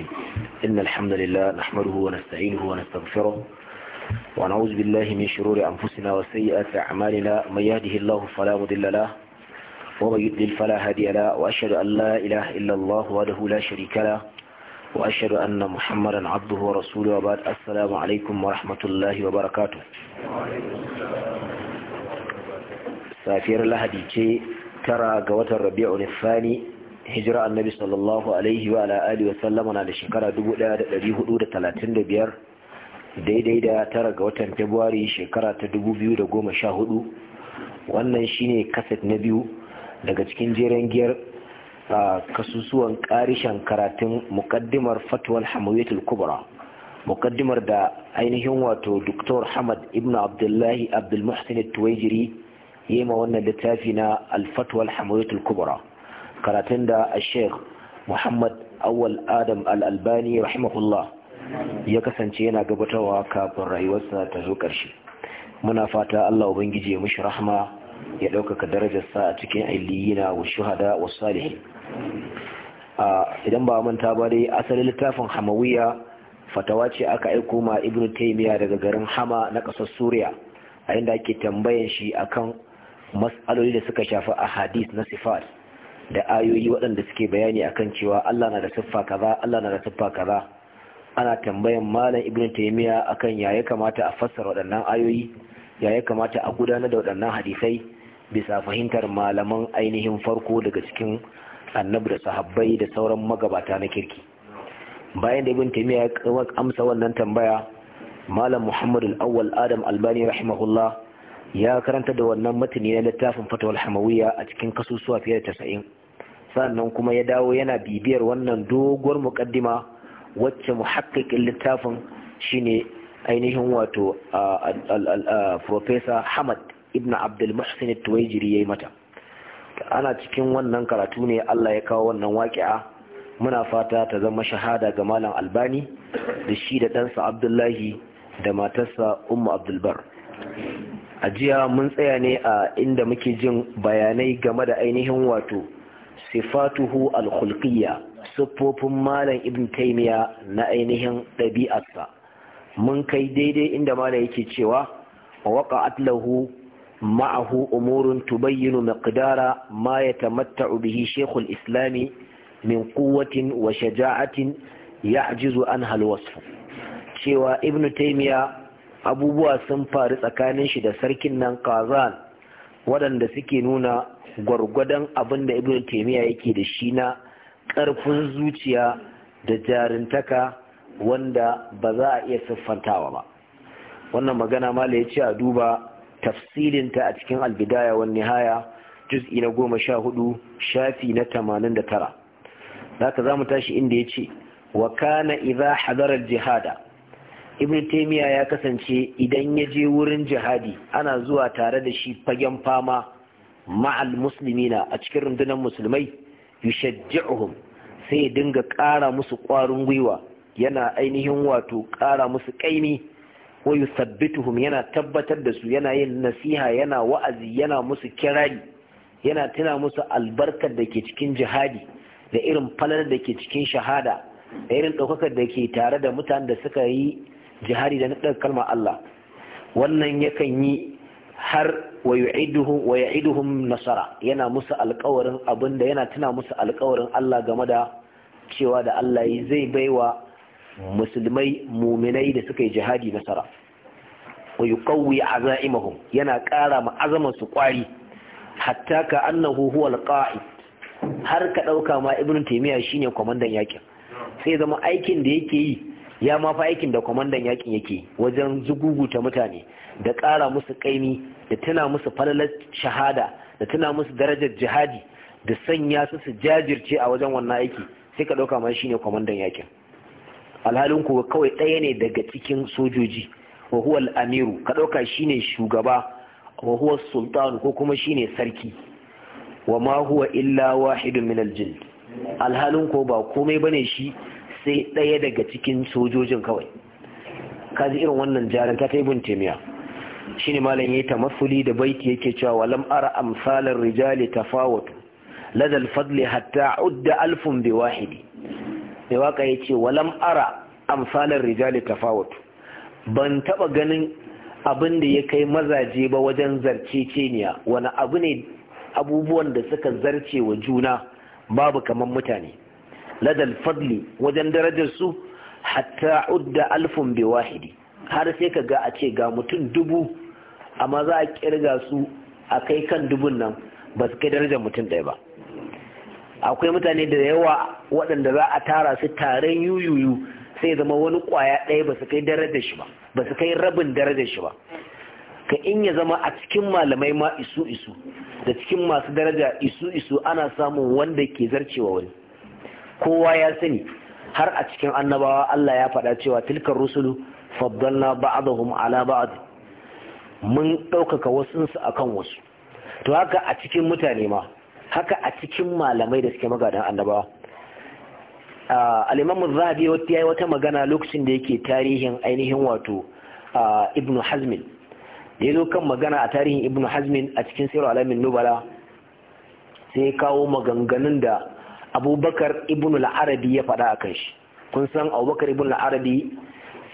الرحيم إن الحمد لله نحمده ونستعينه ونستغفره ونعوذ بالله من شرور أنفسنا وسيئات أعمالنا من يهده الله فلا مضل له ومن يضلل فلا هادي له وأشهد أن لا إله إلا الله وحده لا شريك له وأشهد أن محمدا عبده ورسوله وبعد السلام عليكم ورحمة الله وبركاته سافير لهدي ترى قوة الربيع الثاني hijira annabi sallallahu alaihi wa ala alihi wasallama na da shekara 1435 daidai da tara ga watan februari shekara ta 2014 wannan shine kaset na biyu daga cikin jeren giyar a kasusuwan karishan karatun mukaddimar fatwal hamawiyatul kubra mukaddimar da ainihin wato Dr. hamad ibn abdullahi abdulmuhsin tuwaijiri yi ma wannan littafi na alfatwal hamawiyatul kubra karatun da sheikh muhammad awal adam al-albani rahimahullah ya kasance yana gabatarwa kafin rayuwarsa ta zo ƙarshe muna fata allah ubangiji ya mushi rahma ya ɗaukaka darajarsa a cikin illiyina wa shuhada wa salihi idan ba manta ba dai asalin littafin hamawiya fatawa ce aka aiko ma ibnu taymiya daga garin hama na ƙasar suriya a inda ake tambayan shi akan matsaloli da suka shafi ahadis na sifat da ayoyi waɗanda suke bayani akan cewa Allah na da siffa kaza Allah na da siffa kaza ana tambayan malam ibnu taymiya akan ya ya kamata a fassara waɗannan ayoyi ya kamata a gudanar da waɗannan hadisai bisa fahimtar malaman ainihin farko daga cikin annabi da sahabbai da sauran magabata na kirki bayan da ibn taymiya ya amsa wannan tambaya malam muhammad al-awwal adam albani rahimahullah ya karanta da wannan matani na littafin fatawal hamawiyya a cikin kasusuwa fiye da 90 sannan kuma ya dawo yana bibiyar wannan doguwar muƙaddima wacce muhakkakin littafin shine ainihin wato Profesa Hamad ibn Abdul Muhsin Tuwaijiri ya yi mata. Ana cikin wannan karatu ne Allah ya kawo wannan waƙi'a muna fata ta zama shahada ga Malam Albani da shi da ɗansa Abdullahi da matarsa umma Abdulbar. A jiya mun tsaya ne a inda muke jin bayanai game da ainihin wato sifatuhu al-khulqiyya siffofin malam ibn taymiya na ainihin ɗabi'arsa mun kai daidai inda malam yake cewa wa waqa'at ma'ahu umurun tubayyinu miqdara ma yatamatta'u bihi shaykhul islami min quwwatin wa shaja'atin ya'jizu anha an wasf cewa ibn taymiya abubuwa sun faru tsakanin shi da sarkin nan kaza. waɗanda suke nuna gwargwadon abin da ibn taimiyya yake da shi na ƙarfin zuciya da jarintaka wanda ba za a iya siffantawa ba wannan magana mala ya ce a duba tafsirinta a cikin albidaya wa nihaya juz'i na goma sha hudu shafi na tamanin da tara za ka za mu tashi inda ya ce wa kana idza hadara jihada ibn taimiyya ya kasance idan ya je wurin jihadi ana zuwa tare da shi fagen fama ma'al musulmina a cikin rundunar musulmai yushajji'uhum sai ya dinga ƙara musu ƙwarin gwiwa yana ainihin wato ƙara musu ƙaimi wa yusabbituhum yana tabbatar da su yana yin nasiha yana wa'azi yana musu kirari yana tuna musu albarkar da ke cikin jihadi da irin falar da ke cikin shahada da irin ɗaukakar da ke tare da mutanen da suka yi jihari da nadar kalma Allah wannan yakan yi har wa ya'iduhum nasara yana musu alƙawarin abinda yana tuna musu alƙawarin Allah game da cewa da Allah zai baiwa musulmai muminai da suka yi jihadi nasara wa yuqawwi azaimahum yana ƙara ma azaman su kwari hatta ka annahu huwa alqa'id har ka dauka ma ibnu taymiya shine komandan yakin sai zama aikin da yake yi ya ma fa aikin da kwamandan yakin yake wajen zuguguta mutane da ƙara musu ƙaimi da tuna musu falalar shahada da tuna musu darajar jihadi da sanya su su jajirce a wajen wannan aiki sai ka ɗauka ma ne kwamandan yakin alhalin kuwa kawai ɗaya ne daga cikin sojoji wa huwa al-amiru ka ɗauka shi ne shugaba wa huwa sultan ko kuma shi ne sarki wa ma huwa illa wahidun min al-jinn alhalin ko ba komai bane shi sai ɗaya daga cikin sojojin kawai kaji irin wannan jarin ta ibn taymiya shine malam ta masuli da baiti yake cewa walam ara amsalar rijali ta lada Ladal fadle, hatta udda alfun bi wahidi mai waka ce, walam ara amsalar rijali ta tafawut ban taba ganin abin da ya kai mazaje ba wajen zarceceniya wani abu ne abubuwan da suka zarce wa juna babu kamar mutane ladal fadli wajen darajar su hatta udda alfun bi wahidi har sai ka ga a ce ga mutum dubu amma za a kirga su a kai kan dubun nan ba su kai darajar mutum ɗaya ba akwai mutane da yawa waɗanda za a tara su taron yuyuyu sai zama wani ƙwaya ɗaya ba su kai darajar shi ba ba su kai rabin darajar shi ba ka in ya zama a cikin malamai ma isu isu da cikin masu daraja isu isu ana samun wanda ke zarcewa wani kowa ya sani har a cikin annabawa Allah ya faɗa cewa tilkar rusulu faddalna ba'dahum ala ba'd mun ɗaukaka a akan wasu to haka a cikin mutane ma haka a cikin malamai da suke magadan annabawa al-imam az-zahabi ya yi wata magana lokacin da yake tarihin ainihin wato ibnu hazmin da yazo kan magana a tarihin ibnu hazmin a cikin sirr alamin nubala sai kawo maganganun da abubakar ibn al-arabi ya faɗa a kan shi kun san abubakar ibn al-arabi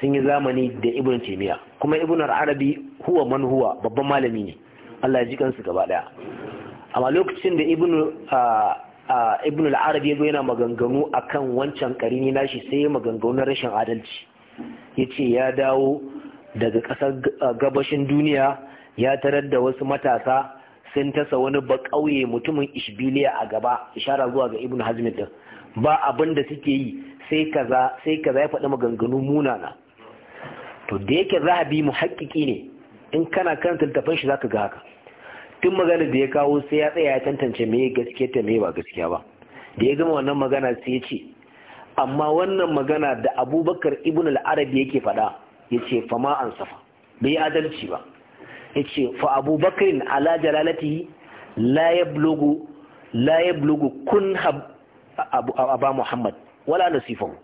sun yi zamani da ibn taimiyya kuma ibn al-arabi huwa man huwa babban malami ne allah ya ji kansu gaba daya amma lokacin da ibn al-arabi ya zo yana maganganu akan wancan karini nashi sai maganganu na rashin adalci ya ce ya dawo daga ƙasar gabashin duniya ya tarar da wasu matasa sun tasa wani ba ƙauye mutumin ishbiliya a gaba ishara zuwa ga ibn hazmin din ba abin da suke yi sai kaza sai kaza ya faɗi maganganu munana to da yake zahabi muhakkiki ne in kana kan tiltafin shi za ka ga haka tun magana da ya kawo sai ya tsaya ya tantance me gaskiya ta me ba gaskiya ba da ya gama wannan magana sai ya ce amma wannan magana da abubakar ibn al-arabi yake faɗa ya ce fama an safa bai adalci ba yace fa abubakar ala jalalati la yablugu la yablugu kun aba muhammad wala nasifahu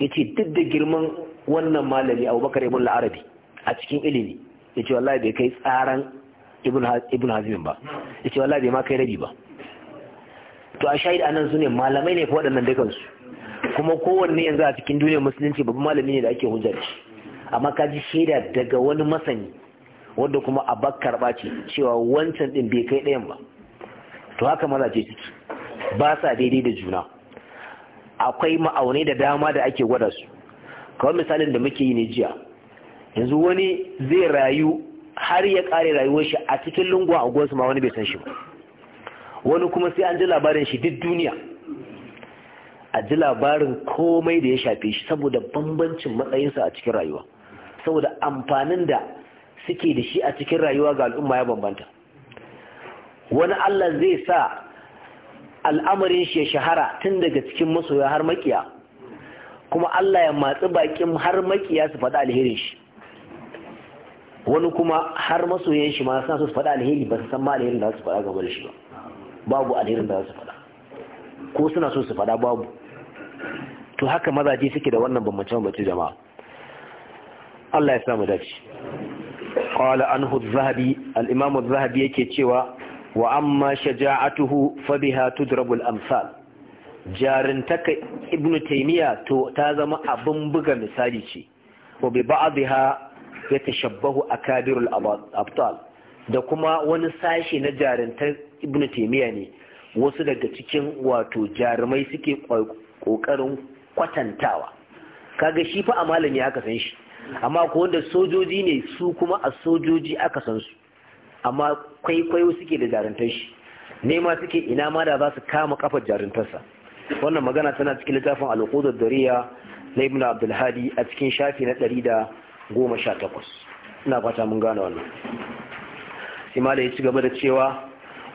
yace duk da girman wannan malami abubakar ibn al-arabi a cikin ilimi yace wallahi bai kai tsaran ibn Hazimin ba yace wallahi bai ma kai rabi ba to a shahid anan su ne malamai ne fa waɗannan dukansu kuma kowanne yanzu a cikin duniyar musulunci babban malami ne da ake hujjar shi amma ka ji shaida daga wani masani wadda kuma a bakar ce cewa wancan ɗin bai kai ɗayan ba to haka mazaje suke ba sa daidai da juna akwai ma'aunai da dama da ake gwada su kawai misalin da muke yi ne jiya yanzu wani zai rayu har ya kare rayuwar shi a cikin lungu a ma wani bai san shi ba wani kuma sai an ji labarin shi duk duniya a ji labarin komai da ya shafe shi saboda bambancin matsayinsa a cikin rayuwa saboda amfanin da suke da shi a cikin rayuwa ga al'umma ya bambanta wani Allah zai sa al'amarin shi ya shahara tun daga cikin masoya har makiya kuma Allah ya matsi bakin har makiya su faɗi alherin shi wani kuma har masoyan shi ma san su faɗi alheri ba su san ma alherin da za su faɗa gaba da shi ba babu alherin da za su faɗa ko suna so su faɗa babu to haka mazaje suke da wannan bambance-bambance jama'a Allah ya sa mu dace qala anhu az-zahabi al yake cewa wa amma shaja'atuhu fa biha tudrabu al-amsal jarintaka ibnu taymiya to ta zama abin buga misali ce wa bi ba'dha yatashabbahu al abtal da kuma wani sashi na jarintar ibnu taymiya ne wasu daga cikin wato jarumai suke kokarin kwatantawa kaga shi fa a malami aka san shi amma ko wanda sojoji ne su kuma a sojoji aka san su amma kwaikwayo suke da jaruntar shi nema suke ina ma da za su kama kafar jaruntarsa wannan magana tana cikin littafin alƙudar dariya na ibn abdulhadi a cikin shafi na ɗari da goma sha takwas ina fata mun gane wannan da ya ci gaba da cewa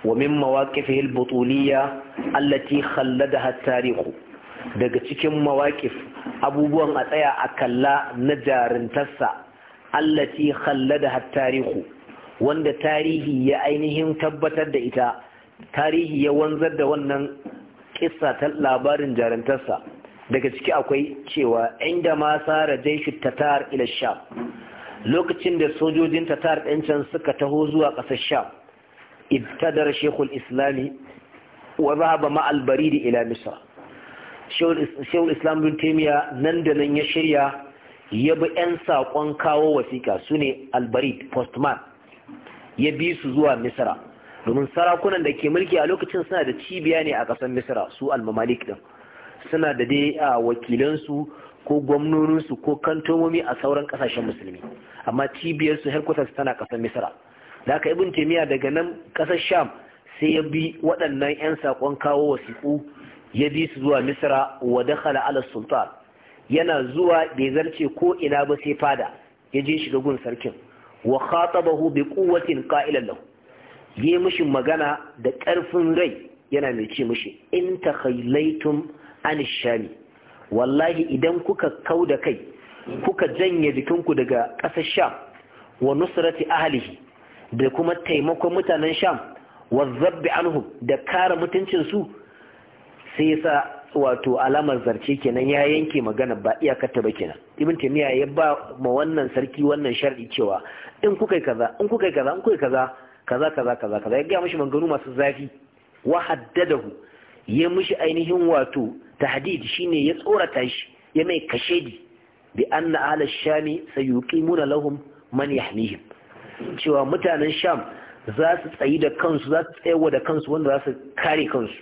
wa min mawaqifihi al-butuliyya allati khalladaha at daga cikin mawaqif abubuwan a tsaya a kalla na jarintarsa allati khallada tarihu wanda tarihi ya ainihin tabbatar da ita tarihi ya wanzar da wannan kissa ta labarin jarintarsa daga ciki akwai cewa inda ma sara jaishi tatar ila sham lokacin da sojojin tatar ɗancan can suka taho zuwa ƙasar sham ibtadar shekul islami wa zahaba ma albaridi ila misra shehu islam bin taimiya nan da nan ya shirya ya bi 'yan saƙon kawo wasiƙa su ne albarid postman ya bi su zuwa misra domin sarakunan da ke mulki a lokacin suna da cibiya ne a ƙasar misra su almamalik din suna da dai a wakilansu ko gwamnoninsu ko kantomomi a sauran ƙasashen musulmi amma cibiyarsu headquarters tana ƙasar misra da aka ibin taimiya daga nan ƙasar sham sai ya bi waɗannan 'yan saƙon kawo wasiƙu ya bi su zuwa misra wa dakhala ala sultan yana zuwa bai zarce ko ina ba sai fada ya je shiga gun sarkin wa khatabahu bi quwwatin qa'ilan lahu yi mishi magana da ƙarfin rai yana mai ce mishi in takhaylaytum an shami wallahi idan kuka kau da kai kuka janye jikinku daga ƙasar sham wa nusrati ahlihi da kuma taimakon mutanen sham wa zabbi anhum da kare mutuncinsu sai yasa wato alamar zarce kenan ya yanke magana ba iyakar ta ba kenan ibn taymiya ya ba ma wannan sarki wannan sharri cewa in kuka kaza in kuka kaza in kuka kaza kaza kaza kaza kaza ya ga mishi masu zafi wa haddadahu ya mishi ainihin wato tahdid shine ya tsorata shi ya mai kashedi bi anna ala shami sayuqimuna lahum man yahmihim cewa mutanen sham za su tsayi da kansu za su tsayawa da kansu wanda za su kare kansu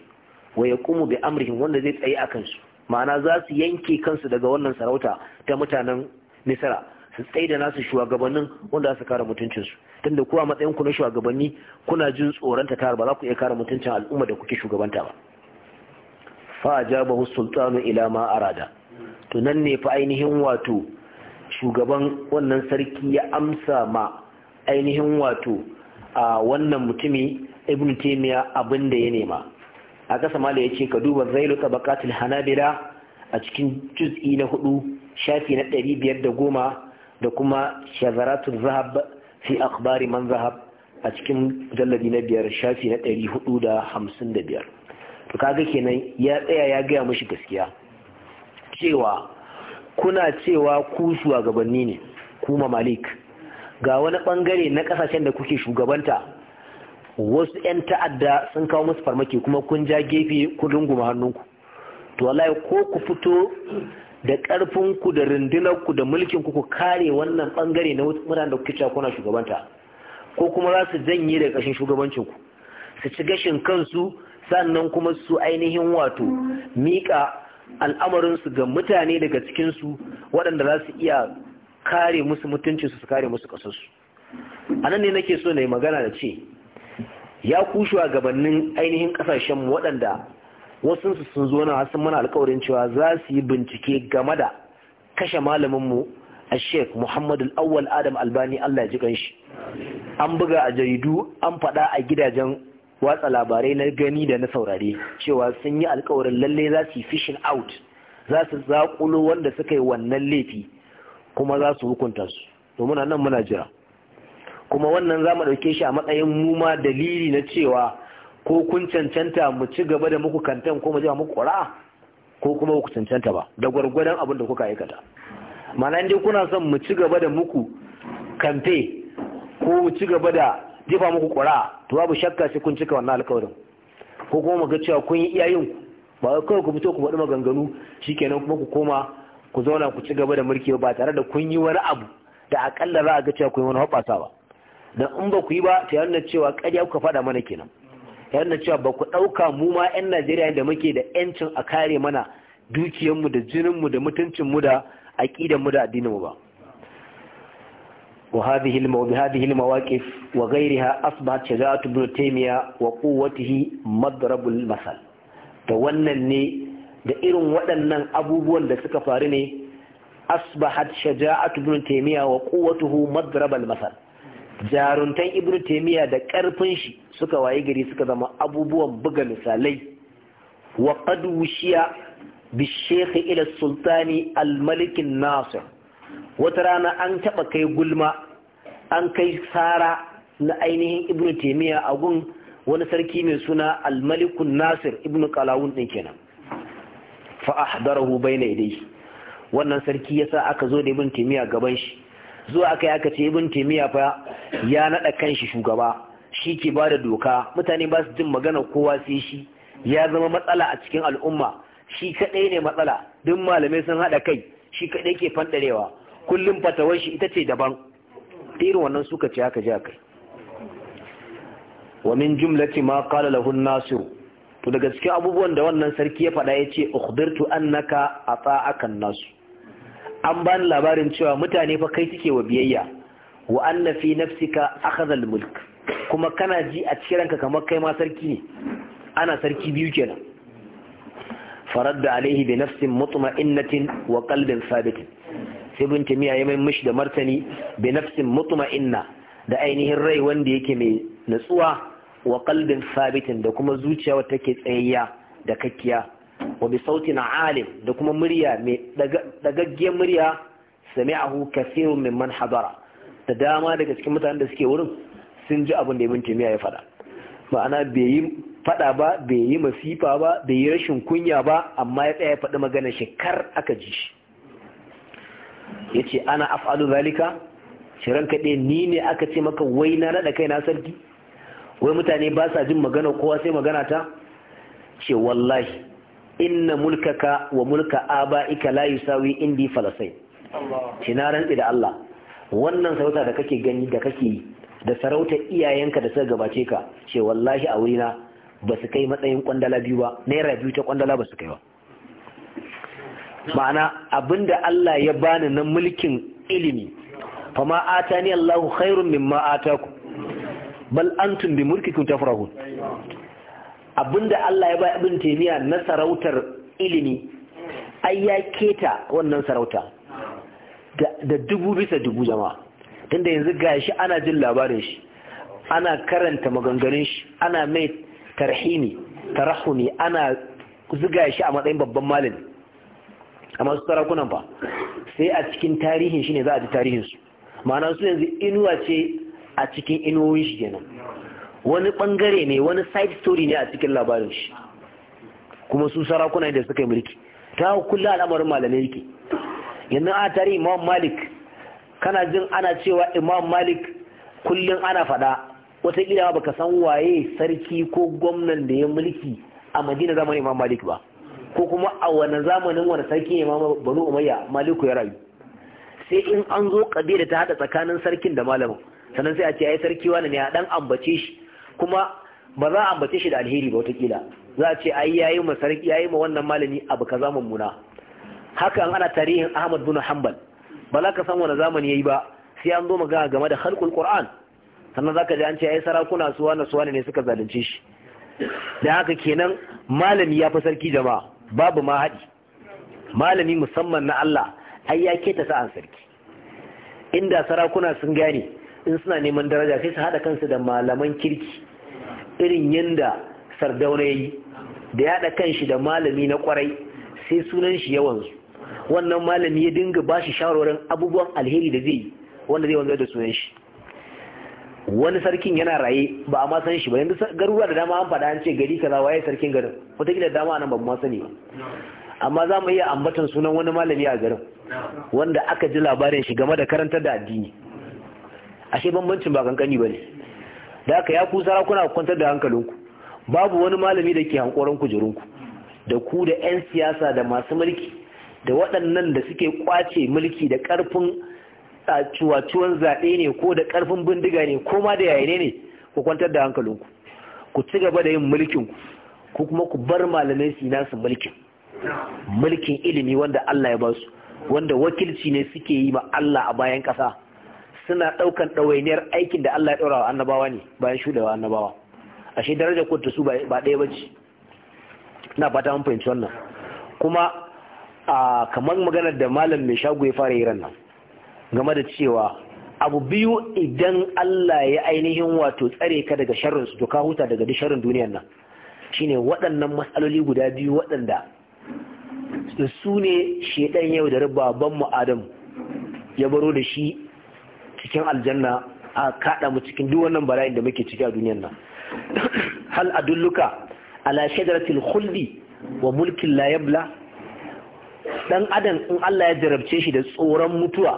wa kuma bi amrihim wanda zai tsaye a kansu? ma'ana za su yanke kansu daga wannan sarauta ta mutanen nisara su tsaye da nasu shugabannin wanda za su kare mutuncinsu tunda kuwa a matsayin ku na shugabanni kuna jin tsoron ta tare ba za ku iya kare mutuncin al'umma da kuke shugabanta ba fa ajabahu sultanu ila ma arada to nan ne fa ainihin wato shugaban wannan sarki ya amsa ma ainihin wato a wannan mutumi ibn taymiya abin da ya nema a ƙasa da ya ce ka duba zailu tabaqatul hanabila a cikin juz'i na hudu shafi na ɗari biyar da goma da kuma shazaratul zahab fi akhbari man zahab a cikin jallabi na biyar shafi na ɗari hudu da hamsin da biyar to kaga kenan ya tsaya ya gaya mashi gaskiya cewa kuna cewa ku shugabanni ne kuma malik ga wani bangare na kasashen da kuke shugabanta wasu 'yan ta'adda sun kawo musu farmaki kuma kun ja gefe kun runguma hannunku to wallahi ko ku fito da ƙarfinku da rundunarku da mulkin ku kare wannan bangare na mutanen da kuke kuna shugabanta ko kuma za su janye da shugabancin shugabancinku su ci gashin kansu sannan kuma su ainihin wato miƙa al'amarinsu ga mutane daga cikinsu waɗanda za su iya kare musu mutuncinsu su kare musu ƙasarsu a nan ne nake so na yi magana da ce ya a gabanin ainihin kasashen waɗanda wasu sun zo na sun mana alkawarin cewa za su yi bincike game da kashe malaminmu a sheik muhammadu al'awwal adam albani allah ji kanshi an buga a jaridu an faɗa a gidajen watsa labarai na gani da na saurare cewa sun yi alkawarin lalle za su yi fishing out za su zaƙulo wanda suka yi wannan laifi kuma za su hukunta su domin nan muna jira kuma wannan za mu ɗauke shi a matsayin mu ma dalili na cewa ko kun cancanta mu ci gaba da muku kantan ko mu ji muku ƙura ko kuma ku cancanta ba da gwargwadon abin da kuka aikata mana dai kuna son mu ci gaba da muku kamfe ko mu ci gaba da jifa muku ƙura to babu shakka sai kun cika wannan alƙawarin ko kuma mu ga cewa kun yi iyayen ba kawai ku fito ku faɗi maganganu shikenan kuma ku koma ku zauna ku ci gaba da mulki ba tare da kun yi wani abu da akalla za a ga cewa kun yi wani hoɓasa ba dan in ba ku yi ba ta yana cewa ƙarya kuka faɗa mana kenan yana cewa ba ku ɗauka mu ma 'yan Najeriya da muke da 'yancin a kare mana dukiyarmu da jininmu da mutuncinmu da aƙidanmu da addininmu ba وهذه المو... بهذه المواقف وغيرها أصبحت شجاعة ابن تيمية وقوته مضرب المثل wannan ne da irin waɗannan abubuwan da suka faru ne asbahat shaja'atu ibn wa quwwatuhu masal jaruntan ibnu taimiyya da karfin shi suka waye gari suka zama abubuwan buga misalai wa qad wushiya bi shekhi ila sultani Almalikin nasir wata rana an taɓa kai gulma an kai sara na ainihin ibnu taimiyya a gun wani sarki mai suna Almalikun nasir ibnu qalawun ɗin kenan fa ahdarahu bayna yadayhi wannan sarki yasa aka zo da ibnu taimiyya gaban shi zuwa aka yi aka ce ibn taymiya fa ya naɗa kanshi shugaba shi ke ba da doka mutane ba su jin magana kowa sai shi ya zama matsala a cikin al'umma shi kadai ne matsala duk malamai sun haɗa kai shi kadai ke fanɗarewa kullum fatawar shi ita ce daban irin wannan suka ce haka ja kai wa min jumlati ma qala lahu an-nasir to daga cikin abubuwan da wannan sarki ya faɗa ya ce ukhdirtu annaka ata'aka an-nasu an bani labarin cewa mutane fa kai suke wa biyayya wa anna fi nafsika akhadha mulk kuma kana ji a cikin ranka kamar kai ma sarki ne ana sarki biyu kenan faradda alaihi bi nafsin mutma'innatin wa qalbin sabitin sai bin tamiya ya mai mishi da martani bi nafsin mutma'inna da ainihin rai wanda yake mai natsuwa wa qalbin sabitin da kuma zuciya take tsayayya da kakkiya wa bi sautin alim da kuma murya mai dagaggiyar murya sami'ahu kasirun min man hadara da dama daga cikin mutanen da suke wurin sun ji abin da ibn taymiya ya faɗa ma'ana bai yi faɗa ba bai yi masifa ba bai yi rashin kunya ba amma ya tsaya faɗi magana kar aka ji shi yace ana af'alu zalika shiran kaɗe ni ne aka ce maka wai na naɗa kai na sarki wai mutane ba sa jin magana kowa sai magana ta ce wallahi inna mulkaka wa mulka aba'ika la yusawi indi falasai tinaran rantsi da Allah wannan sarauta da kake gani da kake yi da sarauta iyayenka da suka gabace ka ce wallahi a wurina ba su kai matsayin kwandala biyu ba naira biyu ta kwandala ba su kai ba ma'ana abinda Allah ya bani na mulkin ilimi ma atani Allahu khairun mimma ataku bal antum bi mulkikum tafrahun abinda Allah ya bai abin taymiya na sarautar ilimi ai ya keta wannan sarauta da dubu bisa dubu jama'a tunda yanzu gashi ana jin labarin shi ana karanta maganganun shi ana mai tarhimi tarahumi ana zuga shi a matsayin babban malami a masu sarakunan ba sai a cikin tarihin shi ne za a ji tarihinsu ma'ana su yanzu inuwa ce a cikin inuwoyin shi kenan wani bangare ne wani side story ne a cikin labarin shi kuma su sarakuna da suka yi mulki ta kullu al'amarin malamai yake yanzu a tarihi imam malik kana jin ana cewa imam malik kullum ana fada faɗa wataƙila baka san waye sarki ko gwamnan da ya mulki a madina zamanin imam malik ba ko kuma a wani zamanin wani sarki ne banu umayya maliku ya rayu sai in an zo kabila ta haɗa tsakanin sarkin da malamin sannan sai a ce ai sarki wani ne a dan ambace shi kuma ba za a ambace shi da alheri ba watakila za a ce ai yayi ma sarki yayi ma wannan malami abu kaza muna. haka an ana tarihin Ahmad bin Hanbal ba za ka san wani zamani yayi ba sai an zo magana game da khalqul Qur'an sannan zaka ji an ce ai sarakuna su wani su wani ne suka zalunce shi da haka kenan malami ya fi sarki jama'a babu ma haɗi malami musamman na Allah ai ya keta sa'an sarki inda sarakuna sun gane in suna neman daraja sai su haɗa kansu da malaman kirki irin yadda sardauna ya yi da ya haɗa kanshi da malami na kwarai sai sunan shi yawansu wannan malami ya dinga ba shi shawarwarin abubuwan alheri da zai yi wanda zai wanzar da sunan shi wani sarkin yana raye ba a ma san shi ba yanzu garuruwa da dama an faɗa an ce gari kaza waye sarkin garin wataƙila da dama nan ba mu ma sani amma za mu iya ambatan sunan wani malami a garin wanda aka ji labarin shi game da karantar da addini ashe bambancin ba kankani bane da haka ya ku sarakuna kwantar da hankalinku babu wani malami da ke hankoron kujerunku da ku da 'yan siyasa da masu mulki da waɗannan da suke kwace mulki da ƙarfin cuwacuwan zaɓe ne ko da ƙarfin bindiga ne ko ma da yayi ne ku kwantar da hankalinku ku ci gaba da yin mulkinku ku kuma ku bar malamai su nasu mulkin mulkin ilimi wanda Allah ya ba su wanda wakilci ne suke yi ma Allah a bayan ƙasa suna ɗaukan ɗawainiyar aikin da Allah ya ɗora wa annabawa ne bayan shudawa annabawa ashe darajar kotu su ba ɗaya ba ce na fata mun fahimci wannan kuma a kamar maganar da malam mai shago ya fara yi nan game da cewa abu biyu idan Allah ya ainihin wato tsare ka daga sharrin su to ka huta daga duk sharrin duniyar nan shine waɗannan matsaloli guda biyu waɗanda su ne shedan yau da babban mu Adam ya baro da shi cikin aljanna a kada mu cikin duk wannan bala'in da muke ciki a duniyar nan hal adulluka ala shajaratil khuldi wa mulkin la yabla dan adam in Allah ya jarabce shi da tsoron mutuwa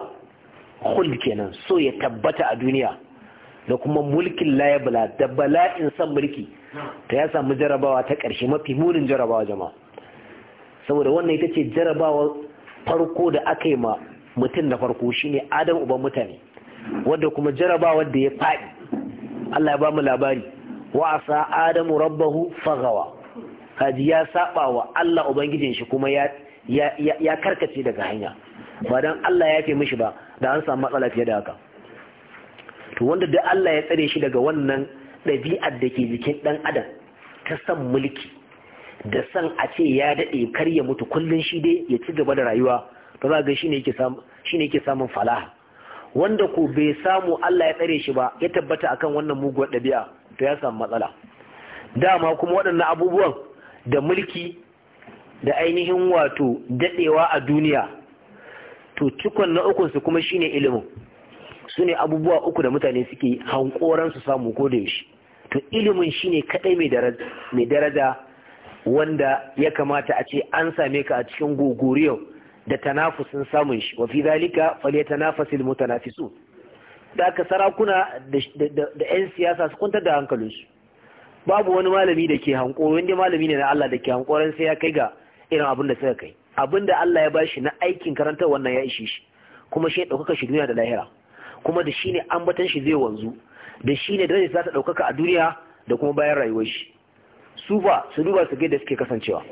khuld kenan so ya tabbata a duniya da kuma mulkin la yabla da bala'in san mulki ta ya samu jarabawa ta karshe, mafi munin jarabawa jama'a saboda wannan ita ce jarabawa farko da aka yi ma mutum na farko shine adam uban mutane wadda kuma jaraba da ya faɗi Allah ya ba mu labari wa adamu rabbahu fagawa kaji ya saba wa Allah ubangijin shi kuma ya ya karkace daga hanya ba dan Allah ya fi mishi ba da an samu matsala fiye da haka to wanda da Allah ya tsare shi daga wannan ɗabi'ar da ke jikin ɗan adam ta san mulki da san a ce ya daɗe kar ya mutu kullum shi dai ya ci gaba da rayuwa to za ga shi ne yake samun falaha wanda ko bai samu Allah ya tsare shi ba ya tabbata akan wannan muguwar ɗabi'a to ya samu matsala dama kuma waɗannan abubuwan da mulki da ainihin wato daɗewa a duniya to cikon na ukunsu kuma shine ilimin su ne abubuwa uku da mutane suke hankoran su samu ko da yaushe to ilimin shine kadai mai daraja wanda ya kamata a ce an same ka a cikin gogoriyar da tanafusin samun shi wa fi zalika tanafasil mutanafisu da aka sarakuna da 'yan siyasa su kwantar da hankalinsu babu wani malami da ke hankoro inda malami ne na Allah da ke hankoron sai ya kai ga irin abin da suka kai abin da Allah ya bashi na aikin karantar wannan ya ishe shi kuma shi ya ɗaukaka shi duniya da lahira kuma da shi ne ambatan shi zai wanzu da shi ne darajar za ta ɗaukaka a duniya da kuma bayan rayuwar shi su ba su duba su ga da suke kasancewa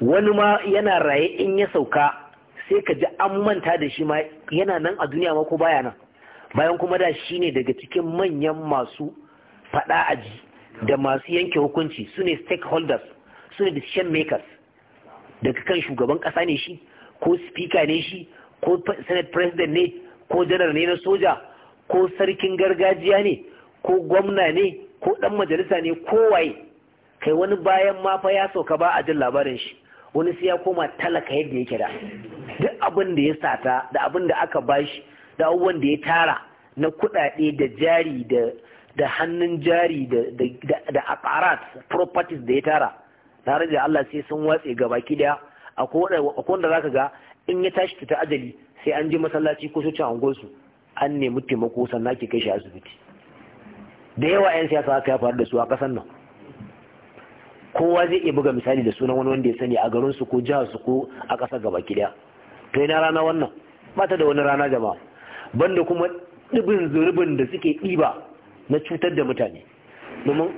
wani ma yana raye in ya sauka sai ka ji an manta da shi ma yana nan a duniya ma ko baya nan bayan kuma da shi ne daga cikin manyan masu faɗa aji da masu yanke hukunci su ne stakeholders su ne decision makers daga kan shugaban ƙasa ne shi ko speaker ne shi ko senate president ne ko janar ne na soja ko sarkin gargajiya ne ko gwamna ne ko ɗan majalisa ne kowaye kai wani bayan ma fa ya sauka ba a jin labarin shi wani sai ya koma talaka yadda yake da duk abin da ya sata da abin da aka bashi da abubuwan da ya tara na kuɗaɗe da jari da hannun jari da aparat properties da ya tara tare da Allah sai sun watse ga baki daya akwai wanda zaka ga in ya tashi ta ajali sai an ji masallaci ko su can su an nemi taimako sannan ke kai shi asibiti da yawa 'yan siyasa aka ya faru da su a kasan nan kowa zai iya buga misali da sunan wani wanda ya sani a garin su ko jihar su ko a ƙasa gaba kidaya to ina rana wannan ba ta da wani rana jama'a banda kuma ɗibin zurbin da suke ɗiba na cutar da mutane domin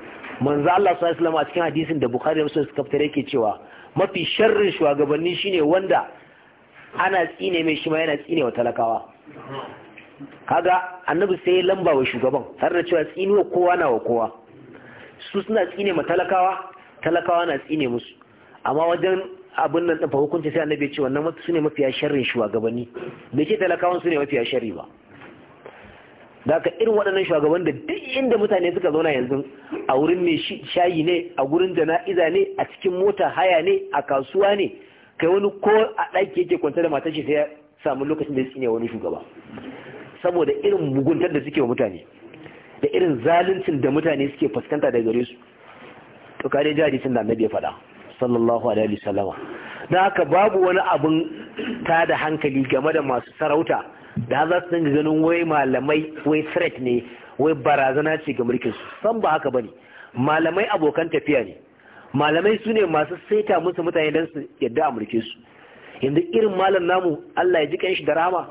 manzo Allah sallallahu alaihi a cikin hadisin da Bukhari da Muslim suka fitar yake cewa mafi sharrin shugabanni shine wanda ana tsine mai shi ma yana tsine wa talakawa kaga annabi sai ya lamba wa shugaban har da cewa tsini wa kowa na wa kowa su suna tsine ma talakawa talakawa na tsine musu amma wajen abin nan dafa hukunci sai annabi ce wannan su ne mafiya sharrin shugabanni bai ce talakawan su ne mafiya sharri ba da ka irin waɗannan shugaban da duk inda mutane suka zauna yanzu a wurin mai shayi ne a gurin jana'iza ne a cikin mota haya ne a kasuwa ne kai wani ko a ɗaki yake kwanta da matar shi sai ya samu lokacin da ya tsine wani shugaba saboda irin muguntar da suke wa mutane da irin zaluncin da mutane suke fuskanta daga gare su to ka dai jari da annabi ya faɗa sallallahu alaihi wasallama da haka babu wani abun ta da hankali game da masu sarauta da za su dinga ganin wai malamai wai threat ne wai barazana ce ga mulkin su san ba haka bane malamai abokan tafiya ne malamai su ne masu saita musu mutane don su yadda a mulke su yanzu irin malam namu Allah ya ji kanshi da rama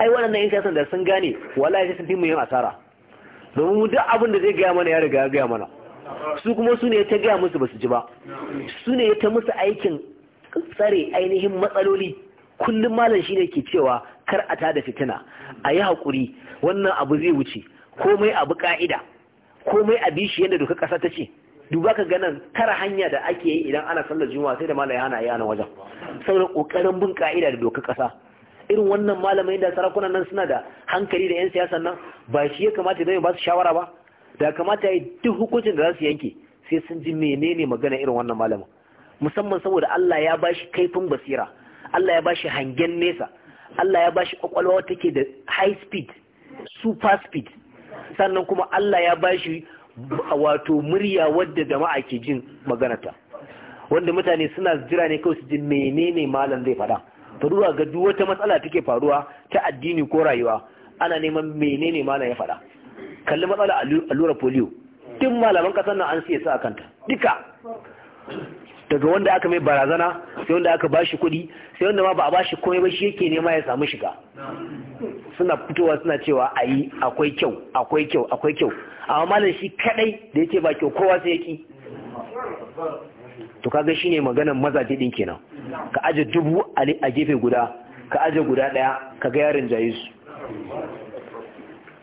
ai waɗannan in kasan da sun gane wallahi sai sun fi mu yin asara domin duk abin da zai gaya mana ya riga ya gaya mana su kuma su ne ta gaya musu basu ji ba su ne ta musu aikin tsare ainihin matsaloli kullum malam shine ke cewa kar a tada fitina a yi haƙuri wannan abu zai wuce komai abu ka'ida komai a shi yadda duka ƙasa ta ce duba ka ganin tara hanya da ake yi idan ana sallar juma'a sai da malam ya hana yana wajen saboda kokarin bin ka'ida da doka ƙasa irin wannan malamai da sarakunan nan suna da hankali da 'yan siyasan nan ba shi ya kamata zai ba su shawara ba da kamata ya duk hukuncin da za su yanke sai sun ji menene magana irin wannan malaman, musamman saboda Allah ya bashi kaifin basira Allah ya bashi hangen nesa Allah ya bashi kwakwalwa ke da high speed super speed sannan kuma Allah ya bashi wato murya wadda jama'a ke jin maganata wanda mutane suna jira ne kawai su ji menene malam zai faɗa ta ga duk wata matsala take faruwa ta addini ko rayuwa ana neman menene malam ya faɗa kalli matsala lura polio duk malaman kasar nan an siya sa a kanta duka daga wanda aka mai barazana sai wanda aka bashi kuɗi sai wanda ma ba a ba shi komai ba shi yake nema ya samu shiga suna fitowa suna cewa ayi akwai kyau akwai kyau akwai kyau amma malam shi kaɗai da yake ba kyau kowa sai yaki to kaga shine maganar mazaje din kenan ka aje dubu a gefe guda ka aje guda ɗaya, ka ga yarin su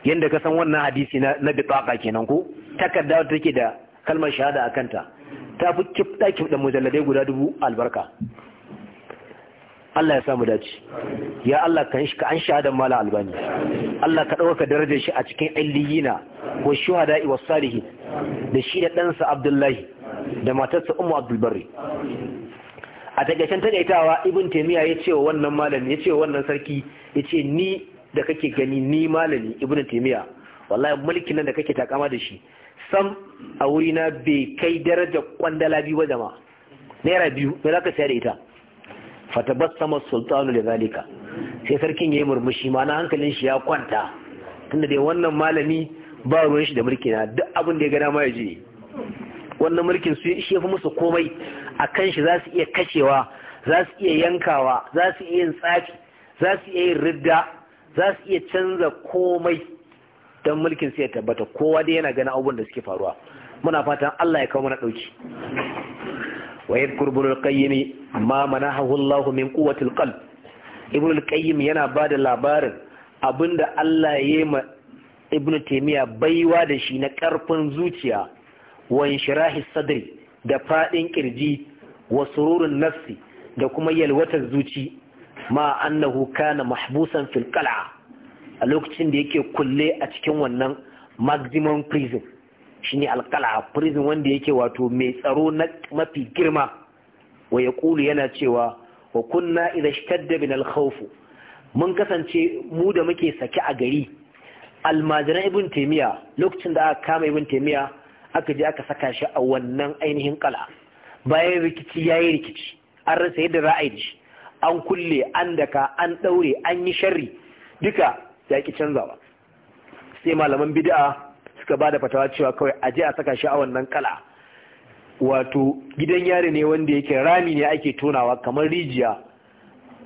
Yadda ka san wannan hadisi na na bitaka kenan ko takarda da take da kalmar shahada a kanta ta fi kifta kifta mujalladai guda dubu albarka Allah ya samu dace ya Allah ka ka an shahada mala albani Allah ka dauka darajar shi a cikin illiyina ko shuhada wa salihin da shi da ɗansa Abdullahi da matarsa Ummu Abdul Barri a tagacen taɗaitawa, Ibn Taymiyyah ya ce wa wannan malami ya ce wa wannan sarki ya ce ni da kake gani ni malami ibnu taymiya wallahi mulkin nan da kake takama da shi sam a wuri na bai kai daraja kwandala biyu ba jama naira biyu me zaka sayar da ita fatabassama sultanu da zalika sai sarkin yayi murmushi ma na hankalin shi ya kwanta tunda dai wannan malami ba ruwan shi da mulki na duk abin da ya gana ma ya je wannan mulkin su shi fi musu komai a kan shi za su iya kacewa za su iya yankawa za su iya yin tsafi za su iya yin ridda za su iya canza komai don mulkin su ya tabbata kowa dai yana ganin abubuwan da suke faruwa muna fatan Allah ya kawo mana dauki wa yadkur ibn al-qayyim ma manahahu Allah min quwwati al-qalb ibn al-qayyim yana bada labarin abinda Allah ya yi ma ibn taymiya baiwa da shi na karfin zuciya wa inshirahi sadri da fadin kirji wa sururun nafsi da kuma yalwatar zuci ma annahu kana mahbusan fil qala a lokacin da yake kulle a cikin wannan maximum prison shine qal'a prison wanda yake wato mai tsaro na mafi girma wa yaqulu yana cewa wa kunna idha ishtadda min al-khawf mun kasance mu da muke saki a gari almajiran ibn taymiya lokacin da aka kama ibn taymiya aka je aka saka shi a wannan ainihin kala bayan rikici yayi rikici an rasa yadda za a yi shi an kulle an daka an ɗaure an yi sharri duka ya ki canzawa sai malaman bid'a suka ba da fatawa cewa kawai a je a saka shi a wannan kala wato gidan yari ne wanda yake rami ne ake tonawa kamar rijiya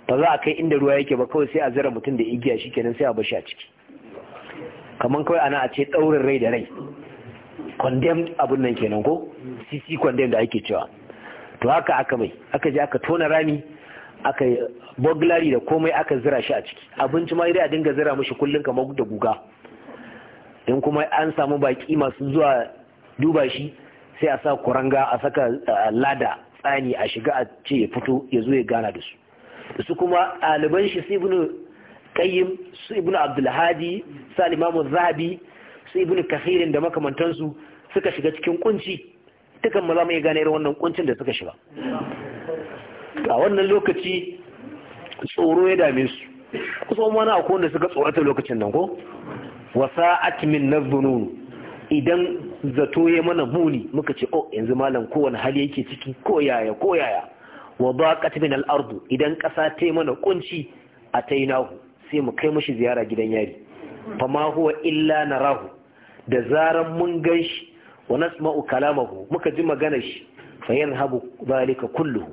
ba za a kai inda ruwa yake ba kawai sai a zira mutum da igiya shi kenan sai a bashi a ciki kamar kawai ana a ce ɗaurin rai da rai condemned abun nan kenan ko cc condemned da ake cewa to haka aka mai aka je aka tona rami aka yi burglary da komai aka zira shi a ciki abinci ma dai a dinga zira mashi kullum kamar da guga in kuma an samu baki masu zuwa duba shi sai a sa kuranga a saka lada tsani a shiga a ce ya fito ya zo ya gana da su su kuma ɗaliban shi su ibnu kayyim su ibnu abdulhadi su alimamu zahabi su ibnu kasirin da makamantansu suka shiga cikin kunci dukan mu za gane irin wannan kuncin da suka shiga a wannan lokaci tsoro ya dame su kusa wani akwai wanda suka tsorata lokacin nan ko wasa atmin na zunun idan zato ya mana muni muka ce oh yanzu malam kowane hali yake ciki ko yaya ko yaya wa ba min al-ardu idan kasa ta yi mana kunci a ta yi nahu, sai mu kai mashi ziyara gidan yari ma huwa illa rahu, da zaran mun ganshi wa nasma'u kalamahu muka ji maganar shi fa habu zalika kullu.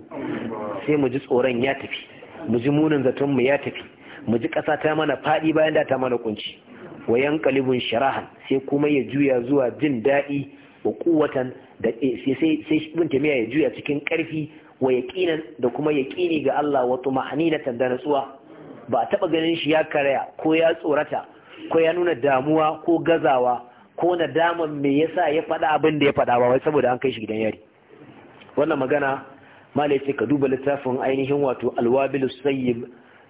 sai mu ji tsoron ya tafi mu ji munin zaton mu ya tafi mu ji ƙasa ta mana faɗi bayan da ta mana kunci wa yanqalibun sharahan sai kuma ya juya zuwa jin daɗi wa kuwatan da e, sai sai ibn ya juya cikin ƙarfi wa yaqinan da kuma yaqini ga Allah wa tuma'ninatan da natsuwa ba taɓa ganin shi ya karaya ko ya tsorata ko ya nuna damuwa ko gazawa ko nadaman me yasa ya faɗa abin da ya faɗa ba wai saboda an kai shi gidan yari wannan magana malai ce ka duba littafin ainihin wato alwabilu sayyib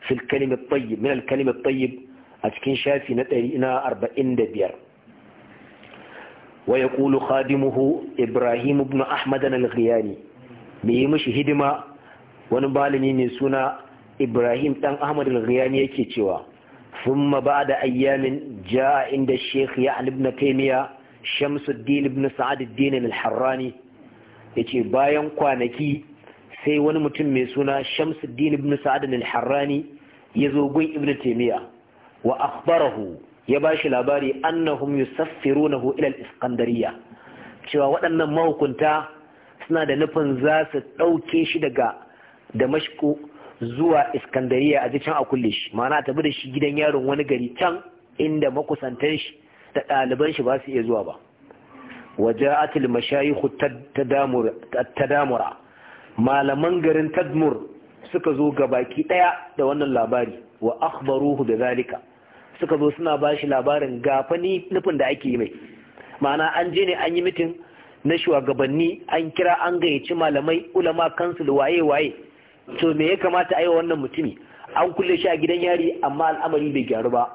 fil kalimat tayyib min al kalimat tayyib a cikin shafi na 145 wa yaqulu khadimuhu ibrahim ibn ahmad al-ghiyani me yi hidima wani balimi ne suna ibrahim dan ahmad al-ghiyani yake cewa ثم بعد أيام جاء inda الشيخ يعلى بن shamsuddin ibn الدين بن سعد Ya ce bayan kwanaki sai wani mutum mai suna Shamsuddin ibn Sa'ad al-Harrani ya zo gun Ibn Taymiyyah wa akhbarahu ya shi labari annahum yusaffirunahu ila al-Iskandariya cewa waɗannan mahukunta suna da nufin za su ɗauke shi daga Damashku zuwa Iskandariya a can a kulle shi ma'ana tabi da shi gidan yaron wani gari can inda makusantan shi da ɗaliban shi ba su iya zuwa ba وجاءت المشايخ التدامر التدامر malaman garin tadmur suka zo ga baki daya da wannan labari wa akhbaruhu da zalika suka zo suna bashi labarin gafani nufin da ake yi mai ma'ana an je ne an yi mitin na shugabanni an kira an gayyaci malamai ulama kansul waye waye to me ya kamata a yi wannan mutumi an kulle shi a gidan yari amma al'amari bai gyaru ba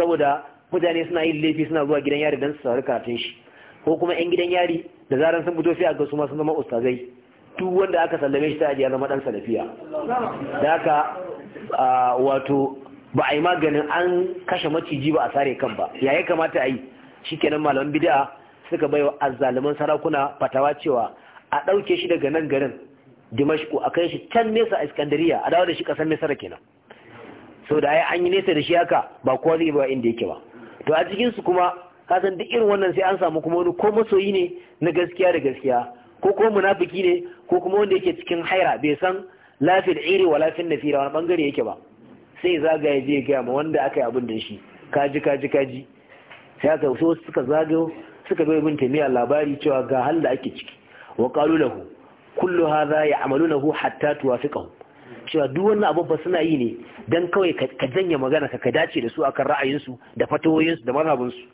saboda mutane suna yin laifi suna zuwa gidan yari don su sauri karatun shi ko kuma yan gidan yari da zaran sun fito sai a ga su ma zama ustazai duk wanda aka sallame shi ta ajiya zama dan salafiya da haka wato ba a yi maganin an kashe maciji ba a sare kan ba ya ya kamata a yi shikenan malaman bid'a suka baiwa azzaluman sarakuna fatawa cewa a ɗauke shi daga nan garin dimashku a kai shi can nesa a iskandariya a dawo da shi ƙasar nesa kenan so da ai an yi nesa da shi haka ba kowa zai ba inda yake ba to a cikin su kuma kasan duk irin wannan sai an samu kuma wani ko masoyi ne na gaskiya da gaskiya ko ko munafiki ne ko kuma wanda yake cikin haira bai san lafiyar iri wa lafil nafira wani bangare yake ba sai zagaya zai gaya ma wanda aka yi abin da shi kaji kaji kaji sai aka so suka zagayo suka bai bin taimiyya labari cewa ga hal da ake ciki wa qalu lahu kullu hadha ya'malunahu hatta tuwafiqahu cewa duk wannan abu ba suna yi ne dan kawai ka janye magana ka dace da su akan ra'ayinsu da fatawoyinsu da mazhabinsu